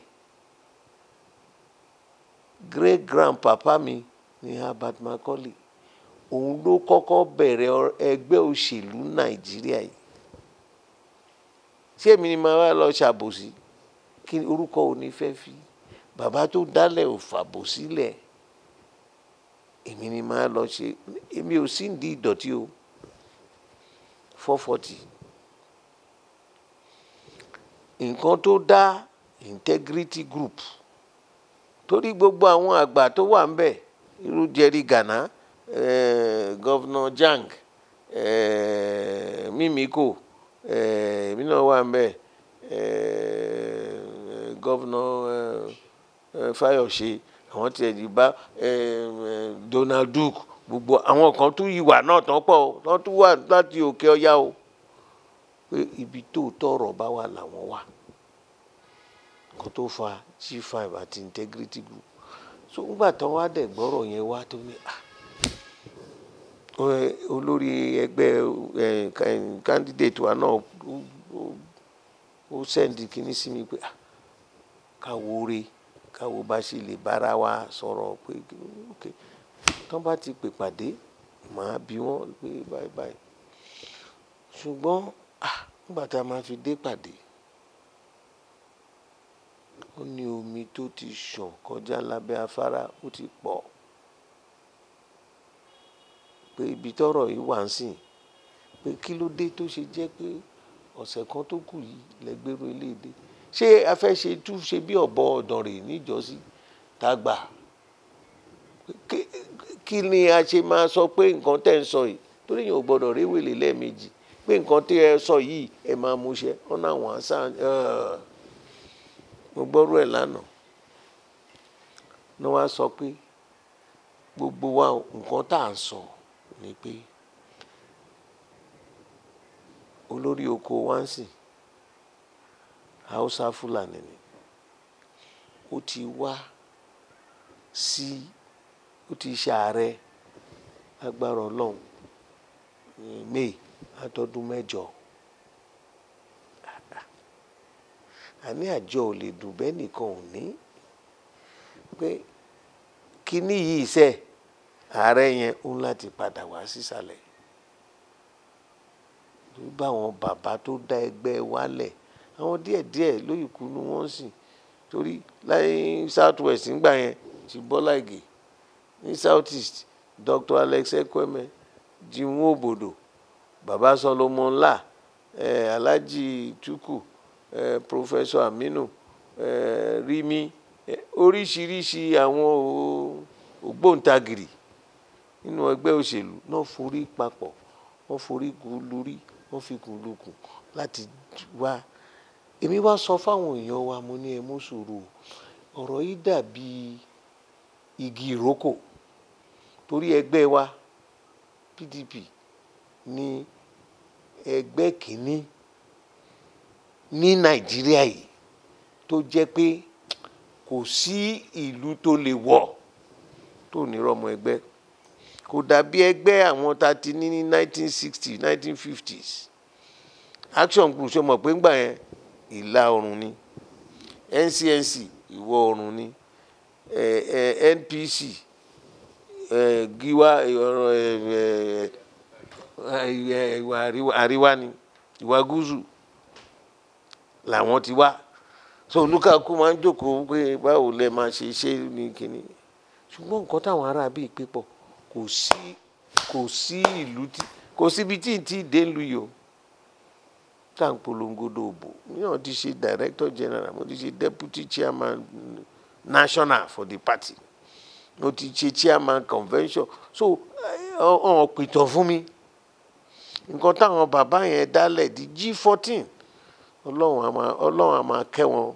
Speaker 1: great grandpapa mi ni Herbert Macaulay òun ló kọ́kọ́ bẹ̀rẹ̀ ẹgbẹ́ òṣèlú Nàìjíríà yìí ṣé èmi ni màá wá lọ ṣàbòsí kí orúkọ òní fẹ́ fi bàbá tó dálẹ̀ ò fàbòsí lẹ̀ èmi ni màá lọ ṣe èmi ò sí ìdí ìdọ̀tí o four forty nǹkan tó dá integrity group torí gbogbo àwọn àgbà tó wà ń bẹ̀ irú Jerry Gana eh, Governor Jang eh, Mimiko. Eh, èmi náà wà ń bẹ̀ eh, gọ́vnà eh, Fáyọ̀ṣe àwọn tiẹ̀ di bá Donald Duke gbogbo àwọn kan tún yìí wà náà tán pọ̀ tán tún wà láti òkè ọya o pé ibi tó tọrọ bá wà làwọn wà nǹkan tó fa G5 àti integrity group so ńgbà tán wá dẹ̀ gbọ́rọ̀ yẹn wá tó ní ah olórí ẹgbẹ́ eh, candidate wa náà ó sẹ́ndì kínní sí mi pé ah, ká wo re ká wo bá ṣe lè bára wa sọ̀rọ̀ pé ok tán bá ti pè pàdé màá bí wọ́n pé báyìí báyìí ṣùgbọ́n ah, nígbà tá a máa fi dé pàdé ó ní omi tó ti ṣàn kọjá lábẹ́ afárá ó ti pọ̀ pé ibi tọ́rọ̀ yìí wà ń sìn pé kí ló dé tó ṣe jẹ́ pé ọ̀sẹ̀ kan tó kù yìí lẹ́gbẹ̀rún eléèdè ṣé a fẹ́ ṣe tú ṣe bí ọ̀bọ ọ̀dàn rè níjọ́sí tá a gbà kí ni a ṣe máa sọ pé nǹkan tẹ̀ ń sọ yìí torí yẹn ò gbọ́dọ̀ réwèlé lẹ́ẹ̀mejì pé nǹkan tẹ́ ẹ sọ yìí ẹ máa mú ṣe ọ̀nà àwọn àṣà mo gbọ́rú ẹ̀ lánàá ni wọ́n á sọ pé gbogbo wa nǹkan tá à ń sọ. So ni pé olórí oko wáǹsì haúsá fúlàní ni ó ti wá sí ó ti ṣàárẹ̀ agbára ọlọ́run may àtọ́dún mẹ́jọ àní àjọ ò lè dùn bẹ́ẹ̀ nìkan ò ní pé kíní yìí sẹ́ẹ̀ ààrẹ yẹn ó láti padà wá sísàlẹ̀ torí báwọn bàbá tó dá ẹgbẹ́ wálẹ̀ àwọn díẹ̀díẹ̀ lóyìnkú ni wọ́n sì torí láyé south west ńgbà yẹn ti Bọ́lá Ìgè ní south east Dr. Alex Ekweme Jimoh Obodo Baba Solomon la, eh, Alhaji Tuku eh, Professor Aminu eh, Rimi eh, oríṣiríṣi àwọn ògbóǹtagìrì nínú ẹgbẹ́ òṣèlú náà forí papọ̀ wọ́n forí gun lórí wọ́n fi gùn lukùn láti wá èmi wá sọ fáwọn èèyàn wa mo ní ẹ mú sùúrù ọ̀rọ̀ yìí dàbí igi ìrókò torí ẹgbẹ́ wa PDP ní ẹgbẹ́ kìíní ní Nàìjíríà yìí tó jẹ́ pé kò sí ìlú tó lè wọ̀ tó ní rọ́mọ ẹgbẹ́ kò dàbí ẹgbẹ́ àwọn tá a ti ní ní 1960 1950s action group ṣe mọ̀ pé ńgbà yẹn ìlà oòrùn ni NCNC ìwọ oòrùn ni NPC eh, giwa àríwá ni ìwà gúúsù làwọn ti wá so lukaku máa ń jókòó pé báwo lẹ máa ṣe ṣe ní kínní ṣùgbọ́n nǹkan táwọn ará pé pọ̀ kò sí kò sí ìlú tí kò síbi tí ì tí ì dé lu yìí o tá à polongo dòbò yíyan ti ṣe director general mo ti ṣe deputy chairman national for the party mo ti ṣe chairman convention so ọ̀hún pìtàn fún mi nǹkan táwọn bàbá yẹn dálẹ̀ di g fourteen ọlọ́run àmà ọlọ́run àmà kẹ́ wọn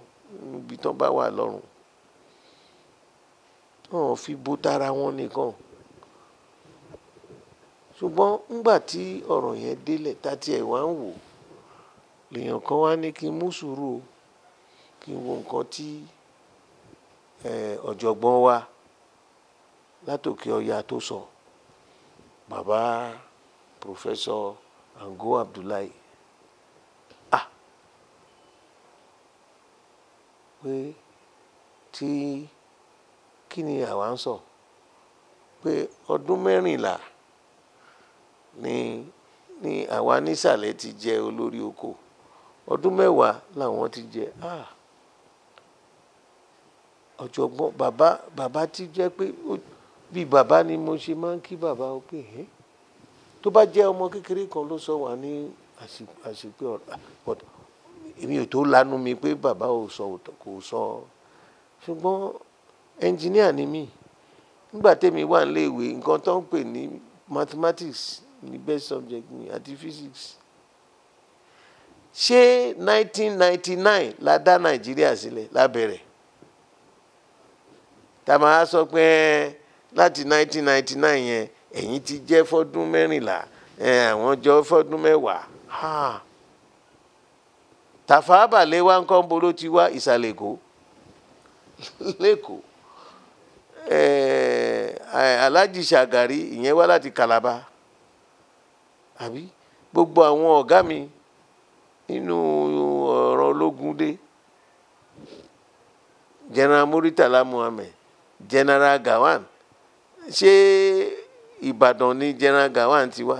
Speaker 1: níbi tán bá wà lọ́rùn wọn fi bó tara wọn nìkan ṣùgbọ́n ńgbà tí ọ̀rọ̀ yẹn délẹ̀ tàti ẹ̀ wá ń wò lèèyàn kan wá ní kí n mú sùúrù o kí n wo nǹkan tí ọ̀jọ̀gbọ́n wa látòkè ọya tó sọ bàbá pòfẹ́sọ̀ Ango Abdullahi ah pé tí kí ni àwa ń sọ pé ọdún mẹ́rìnlá ni ni àwa nísàlẹ̀ ti jẹ olórí oko ọdún mẹ́wàá làwọn ti jẹ ah! ọ̀jọ̀gbọ́n bàbá bàbá ti jẹ́ pé bíi bàbá ni mo ṣe máa ń kí bàbá o pé ẹ́ tó bá jẹ́ ọmọ kékeré kan ló sọ wà ní àṣìpé ọ̀rọ̀ èmi ò tó lanu mi pé bàbá ò sọ kò sọ ṣùgbọ́n ẹnjìníà ni mí nígbà tèmi wà níléèwé nǹkan tó ń pè ní mathematics The best subject mi àti physics ṣé 1999 la dá nàìjíríà sílẹ̀ lábẹ̀rẹ̀ tá a máa sọ pé láti 1999 yẹn ẹ̀yin ti jẹ́ fọ́dún mẹ́rìnlá àwọn jọ fọ́dún mẹ́wàá Tafawa Balewa ń kọ́ ń bolo ti wá ìsàlẹ̀ èkó lẹ́kọ̀ọ́ Alhaji Shagari ìyẹn wá láti Calabar àbí gbogbo àwọn ọ̀gá mi nínú ọ̀rọ̀ ológundé general muritala muhammed general gawan ṣé ìbàdàn ni general gawan ti wá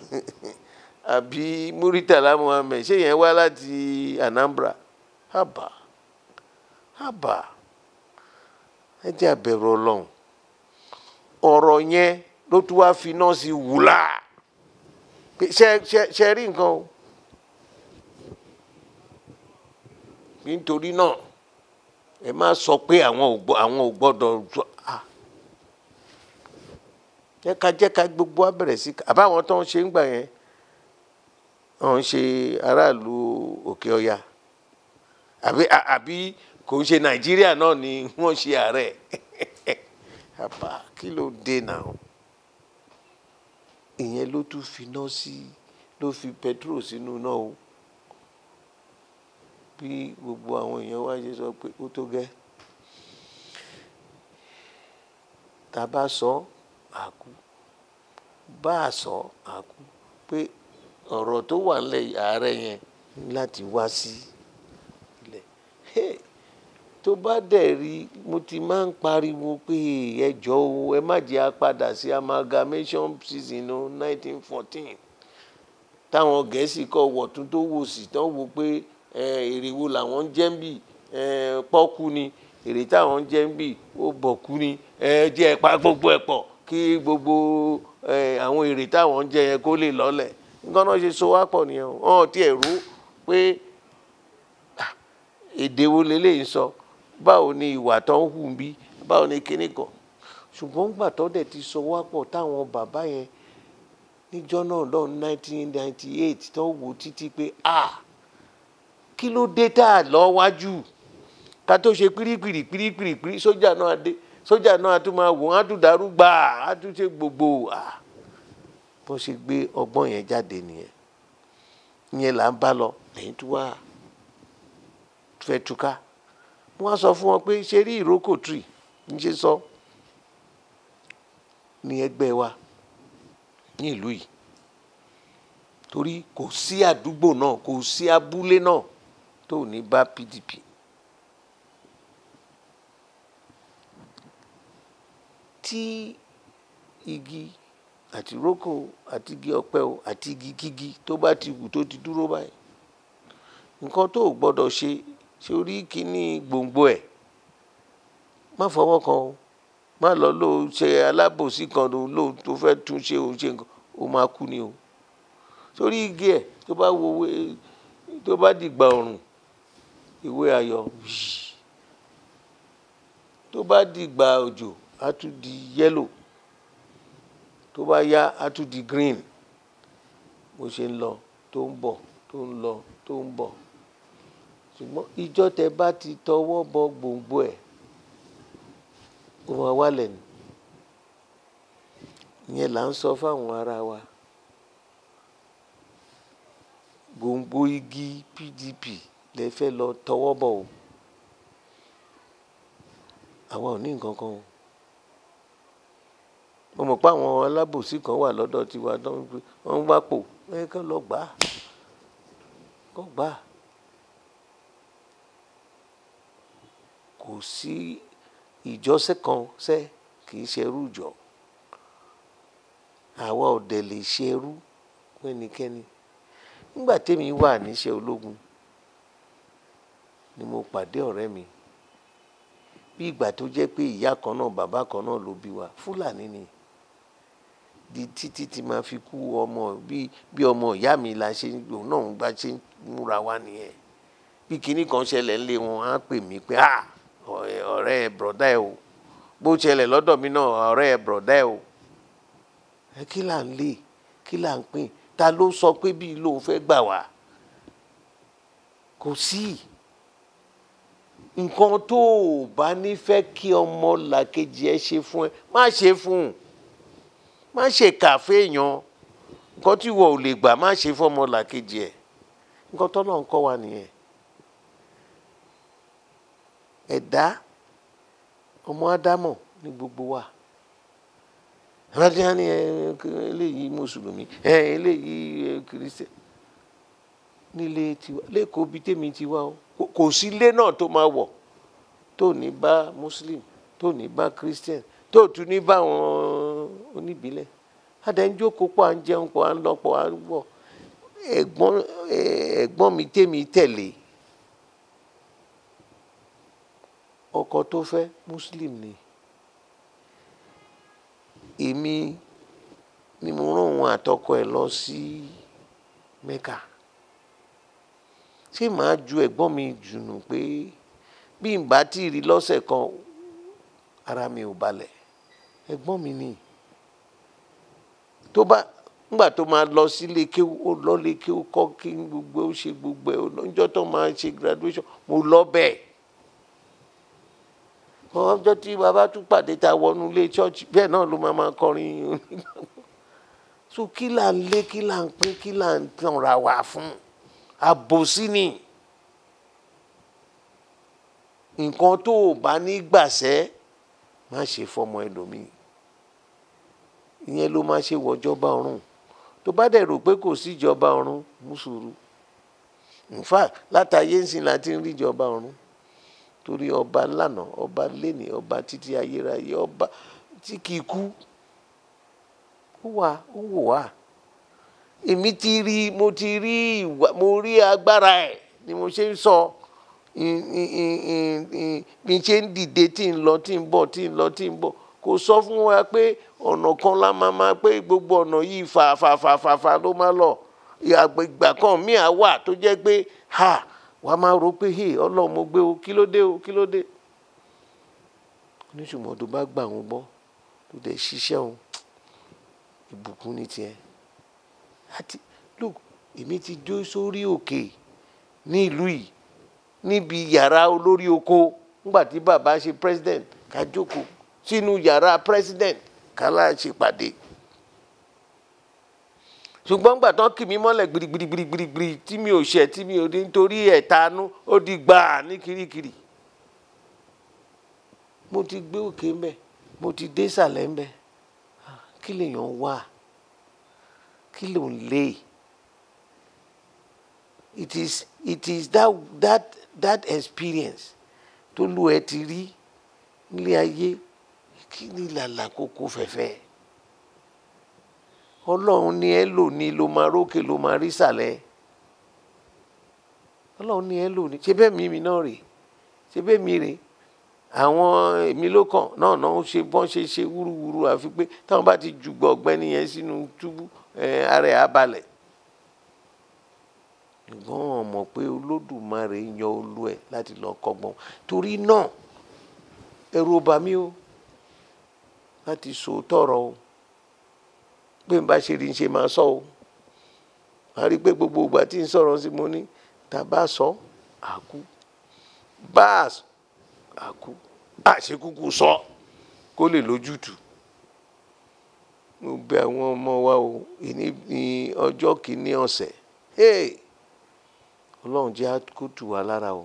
Speaker 1: àbí muritala muhammed ṣé yẹn wá láti anambra haba haba ẹ jẹ́ àbẹ̀rù ọlọ́run ọ̀rọ̀ yẹn ló tún wá fi náà wùlá ṣe rí nǹkan o nítorí náà ẹ má sọ pé àwọn ò gbọ́dọ̀ jẹ́ ká jẹ́ ká gbogbo wa bẹ̀rẹ̀ sí àbáwọn tó ń ṣe ń gbà yẹn ọ̀ ń ṣe aráàlú òkè ọya àbí àbí kò ń ṣe nàìjíríà náà ni wọ́n ṣe ààrẹ àbá kí ló dé náà ìyẹn ló tún finá sí ló fi petrol sínú náà o bí gbogbo àwọn èèyàn wá ṣe sọ pé ó tó gẹ́ tá a sọ àkú bá a sọ àkú pé ọ̀rọ̀ tó wà nílẹ̀ ààrẹ yẹn láti wá sí ilẹ̀. Hey tó bá dẹ̀ rí mo ti máa ń pariwo pé ẹ jọ̀ọ́ o ẹ má jẹ́ a padà sí amalgamation season nineteen fourteen táwọn gẹ̀ẹ́sì kọ wọ̀tún tó wò sí tán wo pé èrè wo làwọn ń jẹ́ ń bì pọ́kú ni èrè táwọn ń jẹ́ ń bì ó bọ̀kú ni ẹ jẹ́ ẹ pa gbogbo ẹ̀ pọ̀ kí gbogbo àwọn èrè táwọn ń jẹ yẹn kó lè lọ́lẹ̀ nǹkan náà ṣe so wá pọ̀ nìyẹn o ọ̀n tiẹ̀ rú pé èdè wo leléyìí sọ. So báwo ni ìwà tó ń hù bí báwo ni kíní kan ṣùgbọ́n gbà tó dẹ̀ ti sọ wá pọ̀ táwọn bàbá yẹn níjọ́ náà lọ́n 1998 tó wò títí pé a kí ló dé tá a lọ wájú ká tó ṣe pírípìrì pírípìrì pírí sójà náà dé sójà náà tún máa wò á tún dàrú gbà á tún ṣe gbogbo a bó ṣe gbé ọgbọ́n yẹn jáde nìyẹn ìyẹn là ń bá lọ lẹ́yìn tó wà fẹ́ túká wọ́n á sọ fún wọn pé ṣe rí ìrókò tree ń ṣe sọ ní ẹgbẹ́ wa ní ìlú yìí torí kò sí àdúgbò náà kò sí abúlé náà tó ní bá PDP tí igi àti rókò àti igi ọ̀pẹ o àti igi kígi tó bá ti wù tó ti dúró báyìí nǹkan tó o ṣe sórí kínní gbòǹgbò ẹ̀ má fọwọ́ kan o má lọ ló ṣe alábòsí kan ló tó fẹ́ tún ṣe òun ṣe nǹkan ó máa kú ni o sórí igi ẹ̀ tó bá wo tó bá dìgbà ọ̀rùn ìwé ayọ̀ tó bá dìgbà òjò á tún di yẹ́lò tó bá yá á tún di green bó ṣe ń lọ tó ń bọ̀ tó ń lọ tó ń bọ̀ ṣùgbọ́n ìjọ tẹ bá ti tọwọ́ bọ gbòǹgbò ẹ̀ ó máa wálẹ̀ ni ìyẹn là ń sọ fáwọn ará wa gbòǹgbò igi PDP lè fẹ́ lọ tọwọ́ bọ̀ o àwa ò ní nǹkan kan o mo mọ̀ pé àwọn alábòsí kan wà lọ́dọ̀ tiwa wọ́n ń wá pò ẹ kàn lọ gbà á kàn gbà á. kò sí ìjọsẹ kan sẹ kì í ṣerú ìjọ àwa ò dẹ̀ lè ṣerú ẹnikẹ́ni nígbà tèmi wà níṣẹ́ ológun ni mo pàdé ọ̀rẹ́ mi bí ìgbà tó jẹ́ pé ìyá kan náà bàbá kan náà ló bí wa fúlàní ni di títí tí máa fi kú ọmọ bí bí ọmọ ìyá mi la ṣe òun náà ń gbà ṣe ń múra wa nìyẹn bí kinní kan ṣẹlẹ̀ ńlé wọn á pè mí pé ah ọ̀rẹ́ bọ̀dá ẹ̀ o bó ṣẹlẹ̀ lọ́dọ̀ mi náà ọ̀rẹ́ bọ̀dá ẹ̀ o ẹ kí là ń lè kí là ń pín ta ló sọ pé bíi lòun fẹ́ gbà wá kò sí nǹkan tó o bá nífẹ̀ẹ́ kí ọmọ làkejì ẹ ṣe fún ẹ má ṣe fún un má ṣe kàfé èèyàn nǹkan tí ìwọ ò lè gbà má ṣe fún ọmọ làkejì ẹ nǹkan tọ́lọ́ ń kọ́ wa nìyẹn. ẹ̀dá ọmọ ádámọ̀ ní gbogbo wa rántí eléyìí mùsùlùmí eléyìí kìrìsìtẹ̀ nílé tiwa lẹ́kọ̀ọ́ bíi tèmi tiwa o kò sí ilé náà tó máa wọ̀ tó ní bá muslim tó ní bá christian tó tún ní bá àwọn oníbílẹ̀ adẹ́njókòó pọ̀ à ń jẹun pọ̀ à ń lọ pọ̀ à ń wọ̀ ẹ̀gbọ́n mi tèmi tẹ̀lé ọkọ tó fẹ́ muslim ni èmi ni mo rán òun àtọkọ ẹ̀ lọ sí mẹ́kà ṣé màá ju ẹ̀gbọ́n mi jùnù pé bí n bá tí rí lọ́sẹ̀ kan ara mi ò balẹ̀ ẹ̀gbọ́n mi ni tó bá ngbà tó máa lọ sílé kéwú ó lọ lé kéwú kọ́ kí gbogbo ó ṣe gbogbo ẹ̀ ó lọ́jọ́ tó máa ṣe graduation mo lọ bẹ́ẹ̀ mọ ọjọ́ tí bàbá tún pàdé ta wọnú ilé chọ́ọ̀chì bẹ́ẹ̀ náà ló máa máa kọrin so kí là ń lé kí là ń pín kí là ń tanra wà fún àbòsí ni nǹkan tó o bá ní gbàṣẹ́ má ṣe fọmọ ẹlòmíì ìyẹn ló máa ṣe wọjọba ọ̀run tó bá dẹ̀ rò pé kò sí ìjọba ọ̀run mú sùúrù látàyé ń láti ń rí ìjọba ọ̀run. torí ọba lánàá ọba léni ọba títí ayérayé ọba tí kìí ti rí mo ti rí ìwà mo rí agbára ẹ ni mo ṣe ń sọ mi ṣe ń dìde tí ń lọ tí ń bọ tí ń lọ tí ń bọ kò sọ fún wa pé ọ̀nà kan la máa pé ha. wàá máa rò pé hey ọlọ́run mo gbé o kí ló dé o kí ló dé oníṣùmọ̀ tó bá gbà wọn gbọ́ tó dẹ̀ ṣiṣẹ́ wọn ìbùkún ní tiẹ̀ àti look èmi ti jó sórí òkè ní ìlú yìí níbi yàrá olórí oko nígbà tí bàbá ṣe president ká jókòó sínú yàrá president ká láà ṣèpàdé ṣùgbọ́n gbà tán kì mí mọ́lẹ̀ gbirigbirigbirigbiri tí mi ò ṣẹ̀ tí mi ò ní nítorí ẹ̀tanú ó di gbàá ní kirikiri mo ti gbé òkè mbẹ mo ti dé sàlẹ̀ mbẹ kí lèèyàn wà kí ló ń it is it is that that that experience tó lu ẹ ti rí nílé ayé kí ni làlà fẹ́fẹ́ ọlọ́run ní ẹ lò ní ló máa rókè ló máa rí sàlẹ̀ ọlọ́run ní ẹ lò ní ṣe bẹ́ẹ̀ mi mi náà rè ṣe bẹ́ẹ̀ mi rè àwọn èmi ló kàn náà náà ó ṣe bọ́n ṣe ṣe wúruwúru àfi pé táwọn bá ti jùgbọ́ ọ̀gbẹ́ni yẹn sínú túbú ara ẹ̀ á balẹ̀ ṣùgbọ́n wọn mọ̀ pé olódùmarè yan olú ẹ̀ láti lọ kọ́gbọ́n torí náà ẹ̀rù ọba mi o láti sòótọ́ ọ̀rọ̀ o pé n bá ṣe rí n ṣe máa sọ o a rí i pé gbogbo ìgbà tí n sọ̀rọ̀ sí mo ní tá a bá sọ àkú bá a àkú àṣekúkú sọ kó lè lójútùú mo bẹ àwọn ọmọ wa o ní ọjọ́ kìíní ọ̀sẹ̀ ọlọ́run jẹ́ kó tù wá lára o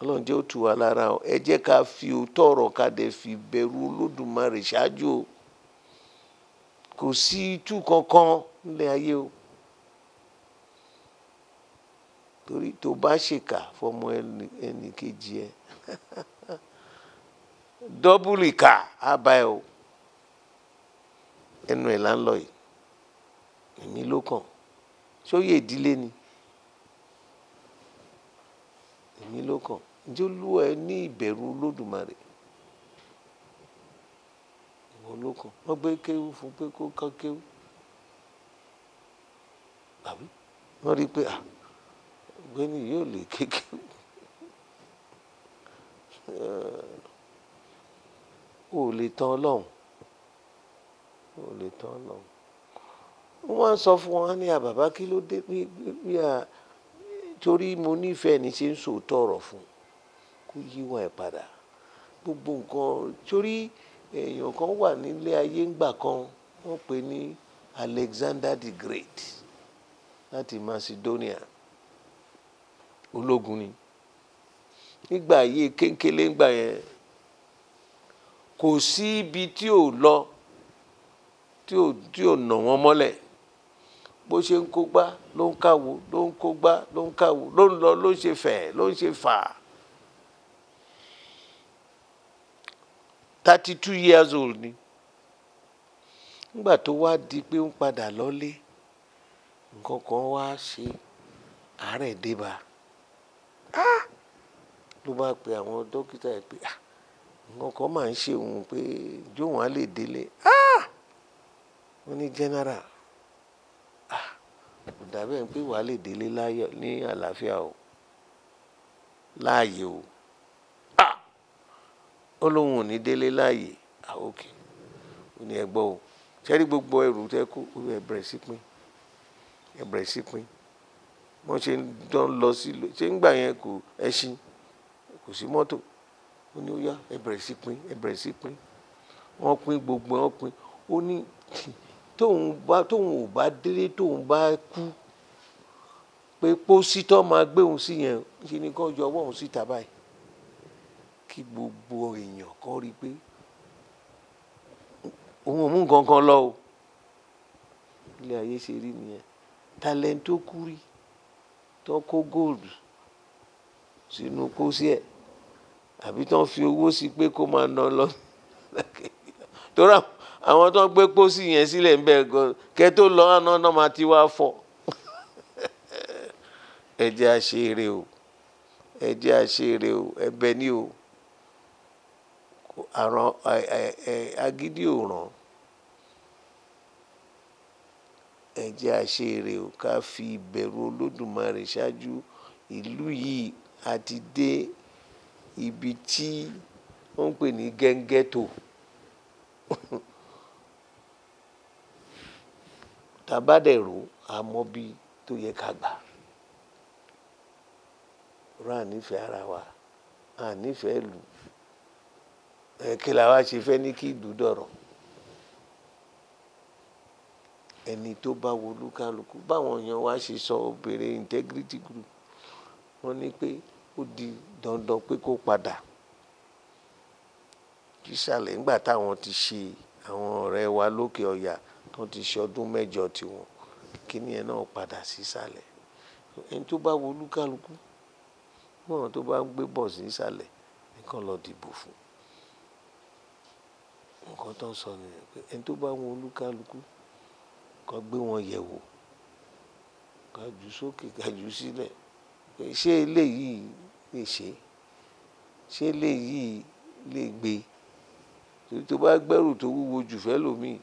Speaker 1: ọlọ́run jẹ́ ó tù wá lára o ẹ jẹ́ ká fi òótọ́ ọ̀rọ̀ ká dẹ̀ fi bẹ̀rù olódùmarè ṣáájú o kò sí itú kankan nílé ayé o torí tó bá ṣèkà fọmọ ẹnì kejì ẹ dọ́bùlì kà á bá ẹ o ẹnu ẹ̀ là ń lọ yìí èmi ló kàn sóyè ìdílé ni èmi ló kàn ǹjẹ́ Olúwa ẹ ní ìbẹ̀rù Olódùmarè olókun wọ́n gbé kéwú fún pé kó kán kéwú àbí wọ́n rí i pé ọ̀gbẹ́ni yóò lè ké kéwú o lè tán ọlọ́run o lè tán ọlọ́run wọ́n sọ fún wọn ní àbàbá kí ló dé bí bí a torí mo nífẹ̀ẹ́ ní ṣe ń sòótọ́ ọ̀rọ̀ fún kó yíwọ́ ẹ̀ padà gbogbo nǹkan torí. Chori èèyàn kan wà nílé ayé ńgbà kan wọ́n pè ní Alexander the Great láti Macedonia ológun ni nígbà ayé kéńkélé ńgbà yẹn kò sí ibi tí ò lọ tí ò tí ò nà wọ́n mọ́lẹ̀ bó ṣe ń kó gbá ló ń kàwó ló ń kó gbá ló ń kàwó ló ń lọ ló ń ṣe fẹ̀ ló ń ṣe fà á. thirty two years old ni nígbà tó wá di pé ó ń padà lọ́lé nǹkan kan wá ṣe àárẹ̀ débà ah! ló bá pe àwọn dókítà ẹ̀ pé ah! nǹkan kan máa ń ṣe òun pé jóun á lè délé wọ́n ah! ní general kò dàbẹ̀ pé wàá lè délé ní àlàáfíà o láàyè o ó lóun ò ní délé láàyè àókè ó ní ẹgbọ́ o sẹ́rí gbogbo ẹrù tẹ́ kó ó yẹ bẹ̀rẹ̀ sí pín ẹ bẹ̀rẹ̀ sí pín wọ́n ṣe ń dán lọ sí lò ṣé ń gbà yẹn kò ẹṣin kò sí mọ́tò ó ní ó yá ẹ sí pín ẹ sí pín wọ́n pín gbogbo wọn pín ó ní tóun bá tóun ò bá délé tóun bá kú pé pósítọ́ máa gbé òun sí yẹn ṣe ni kó yọ ọwọ́ òun síta báyìí kí gbogbo èèyàn kọ́ rí i pé òun ò mú nǹkan kan lọ o ilé ayé ṣe rí nìyẹn talent tó tó kó gold sínú kóṣí ẹ̀ àbí tó ń fi owó sí pé kó máa ná lọ torí àwọn tó ń gbé pósí yẹn sílẹ̀ ń bẹ̀ gan kẹ tó lọ àná náà máa ti wá fọ̀ ẹ jẹ́ àṣeré o ẹ jẹ́ àṣeré o ẹ̀bẹ̀ ni o àrùn agídí òràn ẹ jẹ́ a ṣe èrè o ká fi ìbẹ̀rù olódùmarè ṣáájú ìlú yìí a ti dé ibi tí wọ́n ń pè ní gẹ́ngẹ́tò tabadẹ̀rù àmọ́bí tó yẹ ká gbà rán ànífẹ́ ara wa ànífẹ́ ìlú Eh, kí la wá ṣe fẹ́ ní kí ìlú dọ̀rọ̀ ẹni tó bá wo olúkálùkù báwọn èèyàn wá ṣe sọ obìnrin integrity group wọ́n ní pé ó di dandan pé kó padà ìsàlẹ̀ ńgbà táwọn ti ṣe àwọn ọ̀rẹ́ wa lókè ọ̀yà tó ti ṣe ọdún mẹ́jọ tiwọn kíní ẹ̀ náà padà sísàlẹ̀ ẹni tó bá wo olúkálùkù wọn tó bá ń gbé bọ̀ sísàlẹ̀ nìkan lọ dìbò fún nǹkan tó ń sọ nìyẹn pé ẹni tó bá wọn olúkálukú kó gbé wọn yẹ̀ wò ká jù sókè ká jù sílẹ̀ pé ṣé eléyìí lè ṣe ṣé eléyìí lè gbé torí tó bá gbẹ́rù tó wúwo jù fẹ́ lòmíì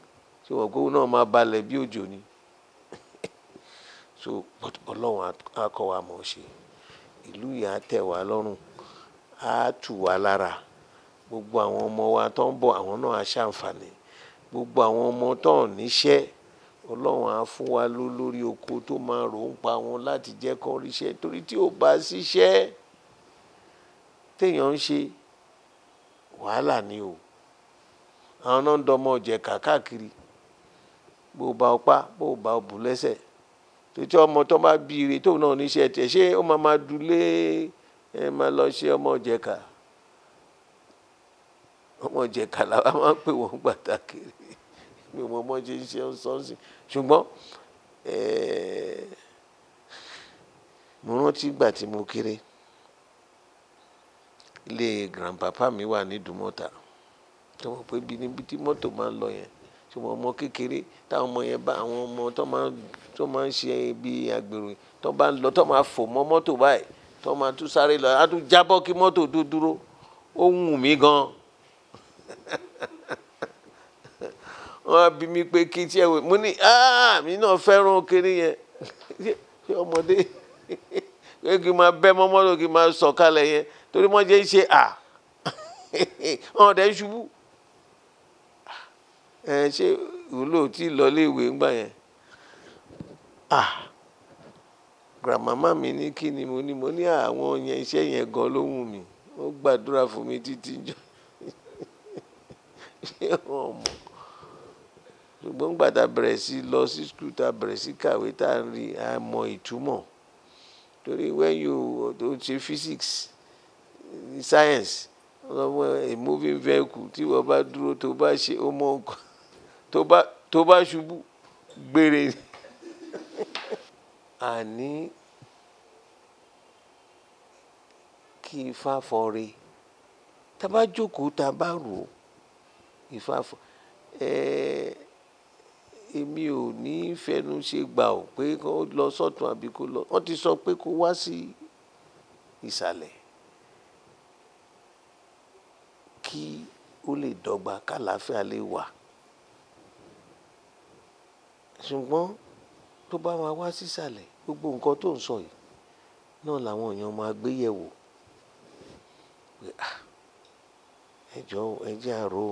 Speaker 1: ṣé wọn kó náà máa balẹ̀ bí òjò ni so ọlọ́run á kọ́ wa mọ̀ ṣe ìlú yìí á tẹ̀ wá lọ́rùn á tù wá lára gbogbo àwọn ọmọ wa tó ń bọ̀ àwọn náà á gbogbo àwọn ọmọ tó ń níṣẹ́ ọlọ́run á fún wa lórí oko tó máa rò ń pa wọn láti jẹ́ kán ríṣẹ́ torí tí ò bá ṣiṣẹ́ téèyàn ń ṣe wàhálà ni o àwọn náà ń dọmọ ọ̀jẹ̀ káàkiri bó o bá ọ pa bó o bá ọ bù lẹ́sẹ̀ tètè ọmọ tó bá bí ire tóun náà níṣẹ́ tẹ̀ ṣé ó máa máa dulé ẹ máa lọ ṣe ọmọ ọ̀jẹ̀ káà ọmọ jẹ kàlàbà máa ń pè wọ́n gbàtà kiri mi ò mọ ọmọ ṣe ń ṣe sọ́ọ̀sì ṣùgbọ́n eh, mo rántí ìgbà tí mo kéré ilé grandpapa mi wà ní Ìdúmọ̀tà tó mọ̀ pé bí níbi tí mọ́tò máa ń lọ yẹn ṣùgbọ́n ọmọ kékeré táwọn ọmọ yẹn bá àwọn ọmọ tó máa ń ṣe bí agbèrò tó bá ń lọ tó máa fò mọ́ mọ́tò báyìí tó máa tún sáré lọ á tún jábọ́ kí mọ́tò tó dúró ó wù mí gan-an wọ́n á bí mi pé kí tí ẹ wò mo ní ah, mi náà fẹ́ràn kiri yẹn ṣé ọmọdé kí n máa bẹ́ mọ́mọ́ lò kí n máa sọ̀kalẹ̀ yẹn torí wọ́n jẹ́ ń ṣe à ọ̀n dẹ̀ ń ṣubú ẹ ṣé òwúlò tí ì lọlé ìwé ńgbà yẹn à grandmama mi ní kí ni mo ní mo ní àwọn yẹn iṣẹ́ yẹn gan ló wù mí ó gbàdúrà fún mi títí jọ ṣé wọn mọ̀ ṣùgbọ́n gbà tá a bẹ̀rẹ̀ sí lọ sí skul tá a bẹ̀rẹ̀ sí kàwé tá a rí a mọ ìtumọ̀ torí when you tó ṣe physics science ọmọ a moving vehicle tí wọ́n bá dúró tó bá ṣe ó mọ nǹkan tó bá tó bá ṣubú gbére àní kí ifá fọre tá a bá jókòó tá a bá rò ó ifá fọ ẹ̀ẹ́ èmi ò ní fẹnu ṣe gbà ó pé kó lọ sọ́tún àbí kó lọ wọ́n ti sọ pé kó wá sí ìsàlẹ̀ kí ó lè dọ́gba kálàáfíà lè wà ṣùgbọ́n tó bá wa wá sísàlẹ̀ gbogbo nǹkan tó ń sọ yìí náà làwọn èèyàn máa gbé yẹ̀wò pé ah, ẹ àrò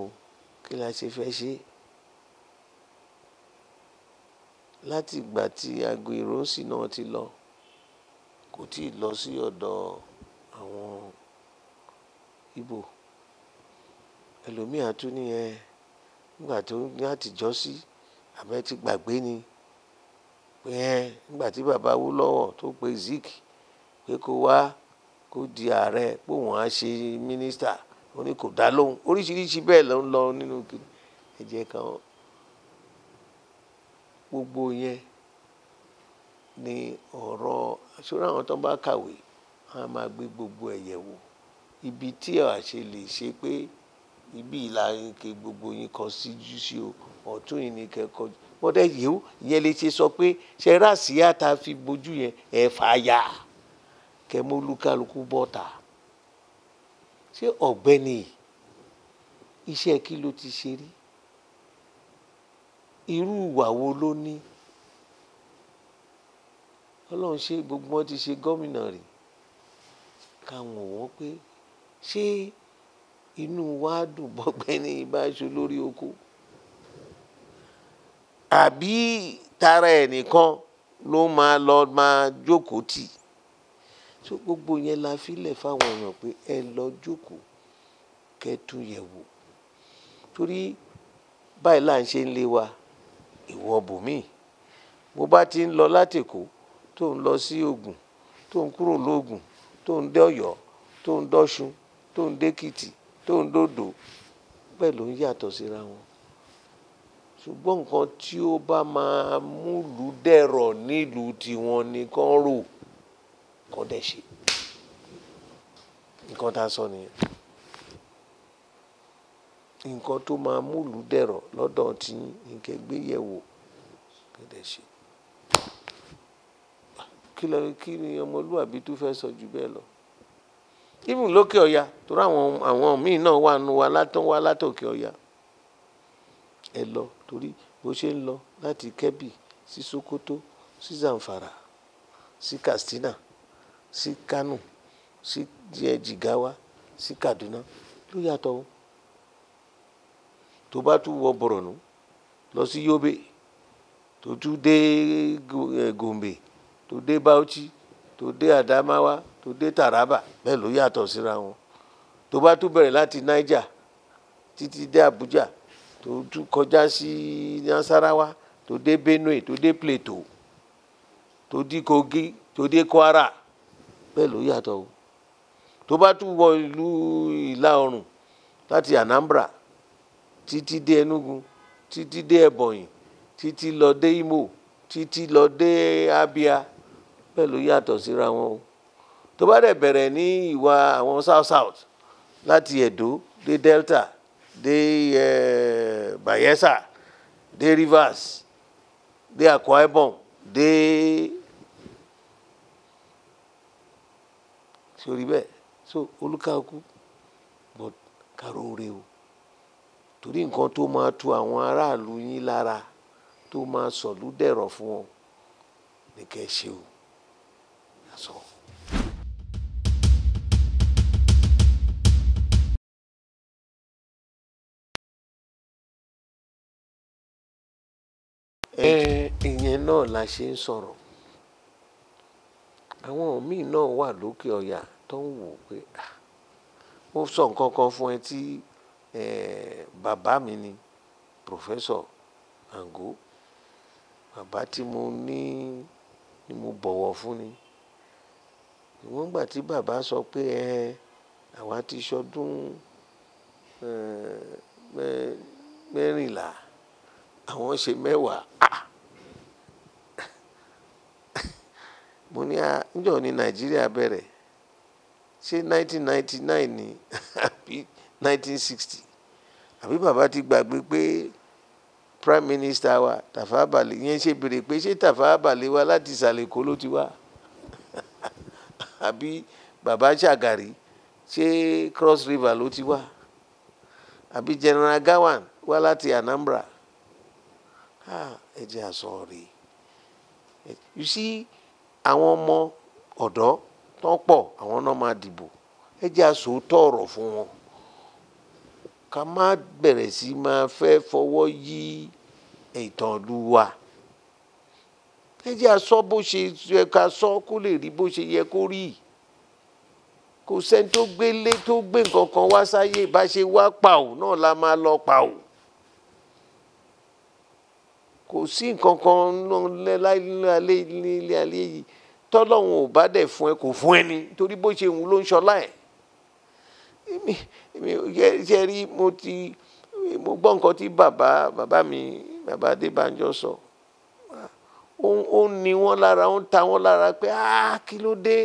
Speaker 1: kí la ṣe fẹ́ ṣe láti ìgbà tí Aguero sì náà ti lọ kò tíì lọ sí ọ̀dọ̀ àwọn Ìgbò ẹlòmíà tún nìyẹn nígbà tó ní àtijọ́ sí àbẹ́ ti gbàgbé ni pé ẹ nígbà tí bàbá Awólọ́wọ̀ tó pe Zik pé kó wá kó di ààrẹ pé òun á ṣe mínísítà ó ní kò dá lóhùn oríṣiríṣi bẹ́ẹ̀ ló ń lọ nínú ẹ̀jẹ̀ kan gbogbo yẹn ni ọ̀rọ̀ ṣọ́ra àwọn tó bá kàwé wọn a máa gbé gbogbo ẹ̀ yẹ̀wò ibi tí a ṣe lè ṣe pé ibi ìlànà ke gbogbo yín kan síjú sí o ọ̀tún yìí ni kẹ́kọ̀ọ́ bọ́dẹ̀ yìí ó ìyẹn lè ṣe sọ pé ṣe ráṣíá ta fi bojú yẹn ẹ̀ fàyà kẹmọ́lúkálukú bọ́ta ṣé ọ̀gbẹ́ni iṣẹ́ kí ló ti ṣe rí irú ìwà wo ló ní ọlọ́run ṣe gbogbo wọn ti ṣe gómìnà rí káwọn ò wọ́n pé ṣé inú wa dùn bọ́gbẹ́ ní ìbáṣọ lórí oko àbí tara ẹ̀ nìkan ló máa lọ máa jókòó tì so gbogbo yẹn la filẹ̀ fáwọn èèyàn pé ẹ lọ jókòó kẹ́tùn yẹ̀ wò torí báyìí là ń ṣe ń lé wa ìwọ bòmíì bó bá ti ń lọ látèkó tó ń lọ sí Ògùn tó ń kúrò lóògùn tó ń dé Ọ̀yọ́ tó ń dọ́ṣun tó ń dẹ́kìtì tó ń dòdò bẹ́ẹ̀ ló ń yàtọ̀ síra wọn ṣùgbọ́n nǹkan tí ó bá máa múlùú dẹ̀rọ̀ nílùú tiwọn ni kán rò kán dẹ̀ ṣe nǹkan tá a sọ nìyẹn nǹkan tó máa múlùú dẹ̀rọ̀ lọ́dọ̀ tí nǹkan gbé yẹ̀wò kẹ̀dẹ̀ ṣe. kí ni ọmọlúwàbí tó fẹ́ sọ jù bẹ́ẹ̀ lọ. even lókè ọ̀yà torí àwọn àwọn míì náà wà nù wa látọ̀ wá látòkè ọ̀yà ẹ lọ torí bó ṣe ń lọ láti kẹ́bì sí sokoto sí zamfara sí katsina sí kano sí jigawa sí kaduna ló yàtọ̀ o tó bá tún wọ bọ̀rọ̀nù lọ sí Yobe tó tún dé Gombe tó dé Bauchi tó dé Adamawa tó dé Taraba bẹ́ẹ̀ ló yàtọ̀ síra wọn tó bá tún bẹ̀rẹ̀ láti Niger títí dé Abuja tó tún kọjá sí Nasarawa tó dé Benue tó dé Plateau tó dé Kogi tó dé Kwara bẹ́ẹ̀ ló yàtọ̀ o tó bá tún wọ ìlú ìlà oòrùn láti Anambra títí dé Enugu títí dé Ebonyi títí lọ dé Imo títí lọ dé Abia bẹ́ẹ̀ ló yàtọ̀ síra wọn o tó bá dẹ̀ bẹ̀rẹ̀ ní ìwà àwọn South South láti Edo dé Delta dé uh, Bayelsa dé Rivers dé Akwa Ibom dé sórí bẹ́ẹ̀ so olúkàkú but kàró rèé o torí nǹkan tó máa tu àwọn aráàlú yín lára tó máa sọ̀lú dẹ̀rọ̀ fún wọn ní kẹ́ o àṣọ. ìyẹn náà la ṣe ń sọ̀rọ̀ àwọn míì náà wà lókè ọ̀yà tó ń wò pé ah, mo sọ nǹkan kan fún ẹ tí bàbá mi ni Professor Ango bàbá tí mo ní ni mo bọ̀wọ̀ fún ni ìwọ̀n gbà tí bàbá sọ pé ẹ àwa ti ṣọdún mẹ́rìnlá àwọn ṣe mẹ́wàá ah! mo ní à níjọ ní Nàìjíríà bẹ̀rẹ̀ ṣé 1999 ni àbí 1960 àbí bàbá ti gbàgbé pé prime minister wa Tafawa Balewa yẹn ṣe béèrè pé ṣé Tafawa Balewa láti ìsàlẹ̀ Èkó ló ti wá àbí bàbá Shagari ṣé cross river ló ti wá àbí general Gowon wá láti Anambra ah, ẹ jẹ́ àsọ rèé you see àwọn ọmọ ọ̀dọ́ tán pọ̀ àwọn náà máa dìbò ẹ jẹ́ àsòótọ́ fún wọn ká má bẹ̀rẹ̀ sí máa fẹ́ fọwọ́ yí ìtàn ìlú wa ẹ jẹ́ a sọ bó ṣe yẹ ká sọ kó lè rí bó ṣe yẹ kó rí kò sẹ́ni tó gbélé tó gbé nǹkan kan wá sáyé bá ṣe wá pàù náà la máa lọ pàù kò sí nǹkan kan láìláìlé ilé ayé yìí tọ́lọ́hún ò bá dẹ̀ fún ẹ kò fún ẹni torí bó ṣe wù ń ṣọlá ẹ̀ èmi èmi ṣe rí mo ti mo gbọ́ nǹkan tí bàbá bàbá mi bàbá Adébánjọ sọ ó ní wọn lára ó ń ta wọn lára pé ah kí ló dé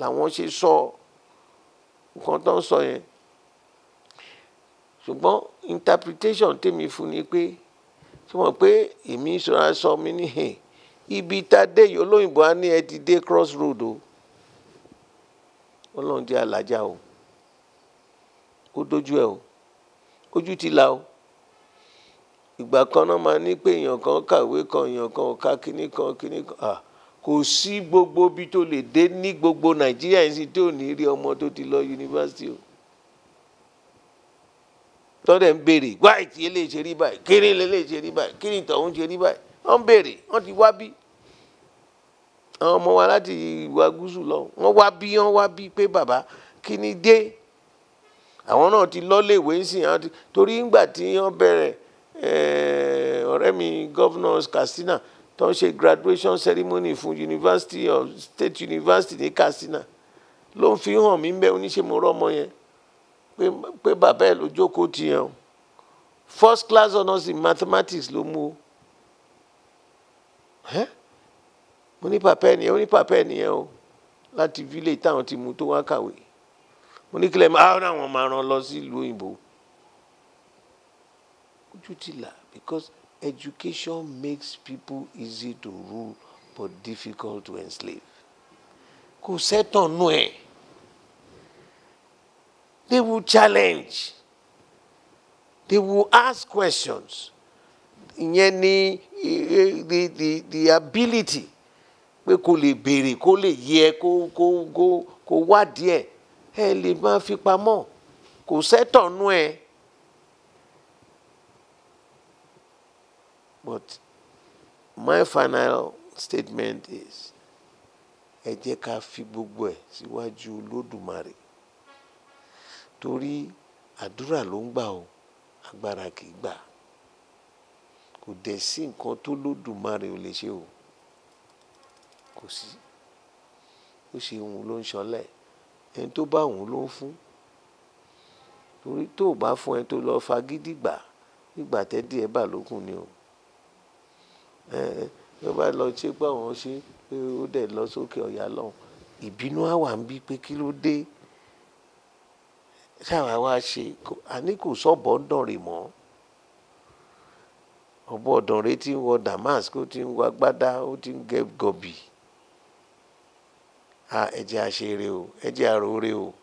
Speaker 1: làwọn ṣe sọ nǹkan tó ń sọ yẹn ṣùgbọ́n interpretation tèmi fún ni pé ṣé wọn pé èmi ìṣọ́ra sọ mi ní hẹ̀ ibi tá a dé yìí olóyìnbó á ní ẹ ti dé cross road o ọlọ́run jẹ́ alájà o ó dójú ẹ̀ o ojú ti là o ìgbà kan náà máa ní pé èèyàn kan kàwé kan èèyàn kan ọ̀ka kínní kan kínní kan à kò sí gbogbo bí tó lè dé ní gbogbo nàìjíríà yìí sí tó ní rí ọmọ tó ti lọ yunifásitì o tọ́dẹ̀ ń béèrè wáì tí eléyìí ṣe rí báyìí kí ni eléyìí ṣe rí báyìí kí ni tọ̀hún ṣe rí báyìí wọ́n ń béèrè wọ́n ti wá bí àwọn ọmọ wa láti ìwà gúúsù lọ wọ́n wá bí wọ́n wá bí pé bàbá kí ni dé àwọn náà ti lọ́lẹ̀wé sìn án torí ńgbà tí wọ́n bẹ̀rẹ̀ eh, ọ̀rẹ́ mi gọ́vnọ̀ Katsina tó ń ṣe graduation ceremony fún University of State University ní Katsina ló ń fi hàn mí ń bẹ oníṣẹ́ mo rọ́mọ yẹn pé bàbá ẹ̀ ló jókòó ti o first class honours in mathematics ló mú o mo ní pàpẹ́ ẹ̀ nìyẹn ó ní pàpẹ́ ẹ̀ nìyẹn o láti village táwọn ti mú tó wá kàwé mo ní kílẹ̀ máa ah, rán àwọn máa rán lọ sí ìlú òyìnbó ojú ti là because education makes people easy to rule but difficult to enslave kò sẹ́tàn nù ẹ̀ they will challenge they will ask questions ìyẹn ni eh, the the the ability pé kò lè béèrè kò lè yẹ kó kó kó kó wádìí ẹ lè máa fi pamọ́ kò sẹ́tọ̀nú ẹ. But my final statement is ẹ jẹ́ ká fi gbogbo ẹ̀ síwájú Olódùmarè torí àdúrà ló ń gbà o agbára kì í gbà kò dẹ̀ sí nǹkan tó lódùmarè ò lè ṣe o kò sí ó ṣe òun ló ń ṣọlẹ̀ ẹni tó bá òun ló ń fún torí tó o bá fún ẹni tó lọ fagídí gbà nígbà tẹ́dí ẹ bà lókun ni o ló bá lọ ṣe pé àwọn ṣe ó dẹ̀ lọ sókè ọ̀yà lọ́hùn ìbínú àwa ń bí pé kí ló dé ṣáwa wá ṣe àní kò sọ̀bọ̀ ń dọ̀rẹ̀ mọ́ ọ̀bọ̀ ọ̀dọ̀rẹ̀ tí ń wọ damask ó ti ń wọ agbádá ó ti ń gẹ gọ̀bì ẹ jẹ́ àṣeré o ẹ jẹ́ àròrè o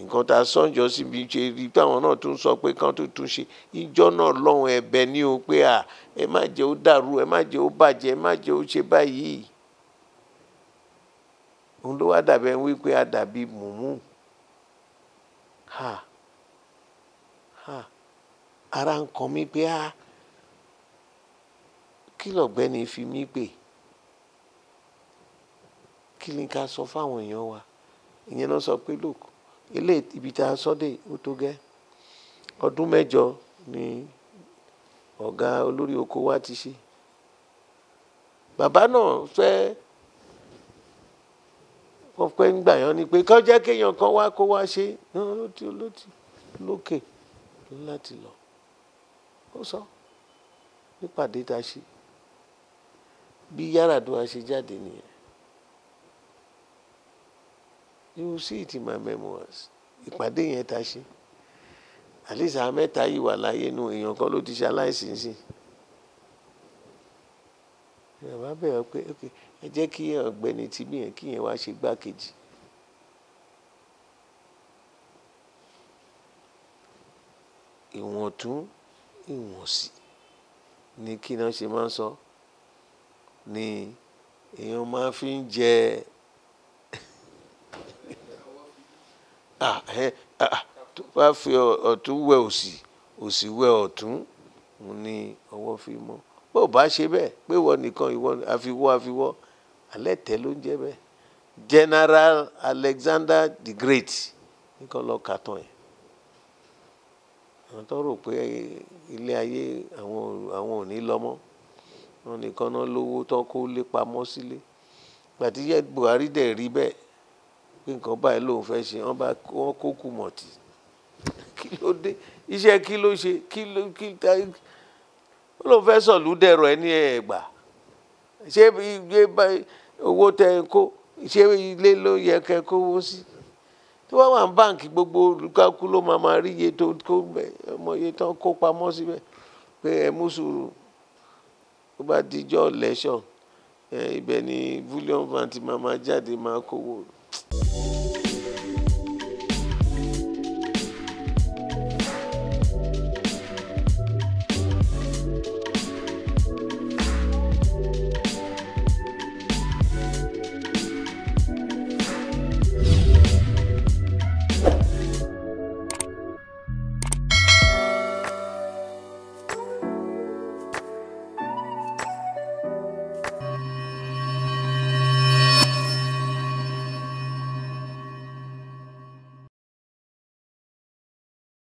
Speaker 1: nǹkan tá a sọ́njọ́ síbi ṣe rí táwọn náà tún sọ pé kán tó tún ṣe ìjọ náà lọ́hùn ẹ̀bẹ̀ ni o pé à ẹ má jẹ́ ó dàrú ẹ má jẹ́ ó bàjẹ́ ẹ má jẹ́ ó ṣe báyìí òun ló wá dàbẹ̀ wípé a dàbí mùmú ha ha ara ń kan mi pé a kí lọ̀gbẹ́ni fi mí pè kí ni ká sọ fáwọn èèyàn wa ìyẹn náà sọ pé look ilé ibi tá a sọ dé ó tó gẹ́ ọdún mẹ́jọ ni ọ̀gá olórí oko wa ti ṣe bàbá náà fẹ́ wọ́n ń gbà yán ni pé kọ́ jẹ́ kéèyàn kan wá kó wá ṣe náà lóti lóti lókè láti lọ ó sọ nípàdé tá a ṣe bí Yar'Adua ṣe jáde nìyẹn you will see it in my memoirs ìpàdé yẹn ta ṣe at least àwọn mẹ́ta yìí wà láyé nu èèyàn kan ló ti ṣe aláìsí sí bàbá bẹ̀rẹ̀ pé ẹ jẹ́ kí ọ̀gbẹ́ni tìbí yẹn kí yẹn wá ṣe gbákejì ìwọ̀ntún ìwọ̀nsì ni kí náà ṣe máa ń sọ ni èèyàn máa fi ń jẹ ah ah bá fi ọ̀tún wẹ òsì òsì wẹ ọ̀tún òun ni ọwọ́ fi mọ́ bó bá ṣe bẹ́ẹ̀ pé wọ́n nìkan ìwọ àfiwọ́ àfiwọ́ alẹ́ tẹ́ ló ń jẹ́ bẹ́ẹ̀ General Alexander the Great nìkan lọ kà tán ẹ̀ àwọn tó rò pé ilé ayé àwọn ò ní lọ́mọ́ wọn nìkan náà lówó tán kó lé pamọ́ sílé gbàtí Buhari dẹ̀ rí bẹ́ẹ̀ nǹkan báyìí lòun fẹ́ ṣe wọ́n bá wọ́n kó kù mọ̀tì kí ló dé iṣẹ́ kí ló ṣe kí ló kí ta ó lòun fẹ́ sọ̀lú dẹ̀rọ ẹ ní ẹ̀gbà ṣé iye owó tẹ ẹ kó ṣé ilé ló yẹ kẹ kówó sí tí wọ́n wà ní báǹkì gbogbo olùkákú ló máa máa rí iye tó kó bẹ̀ ọmọ iye tán kó pamọ́ síbẹ̀ pé ẹ mú sùúrù ó bá dijọ́ lẹ́ṣọ̀ ibẹ̀ ni bullion van ti máa máa jáde máa kówó. Thank you.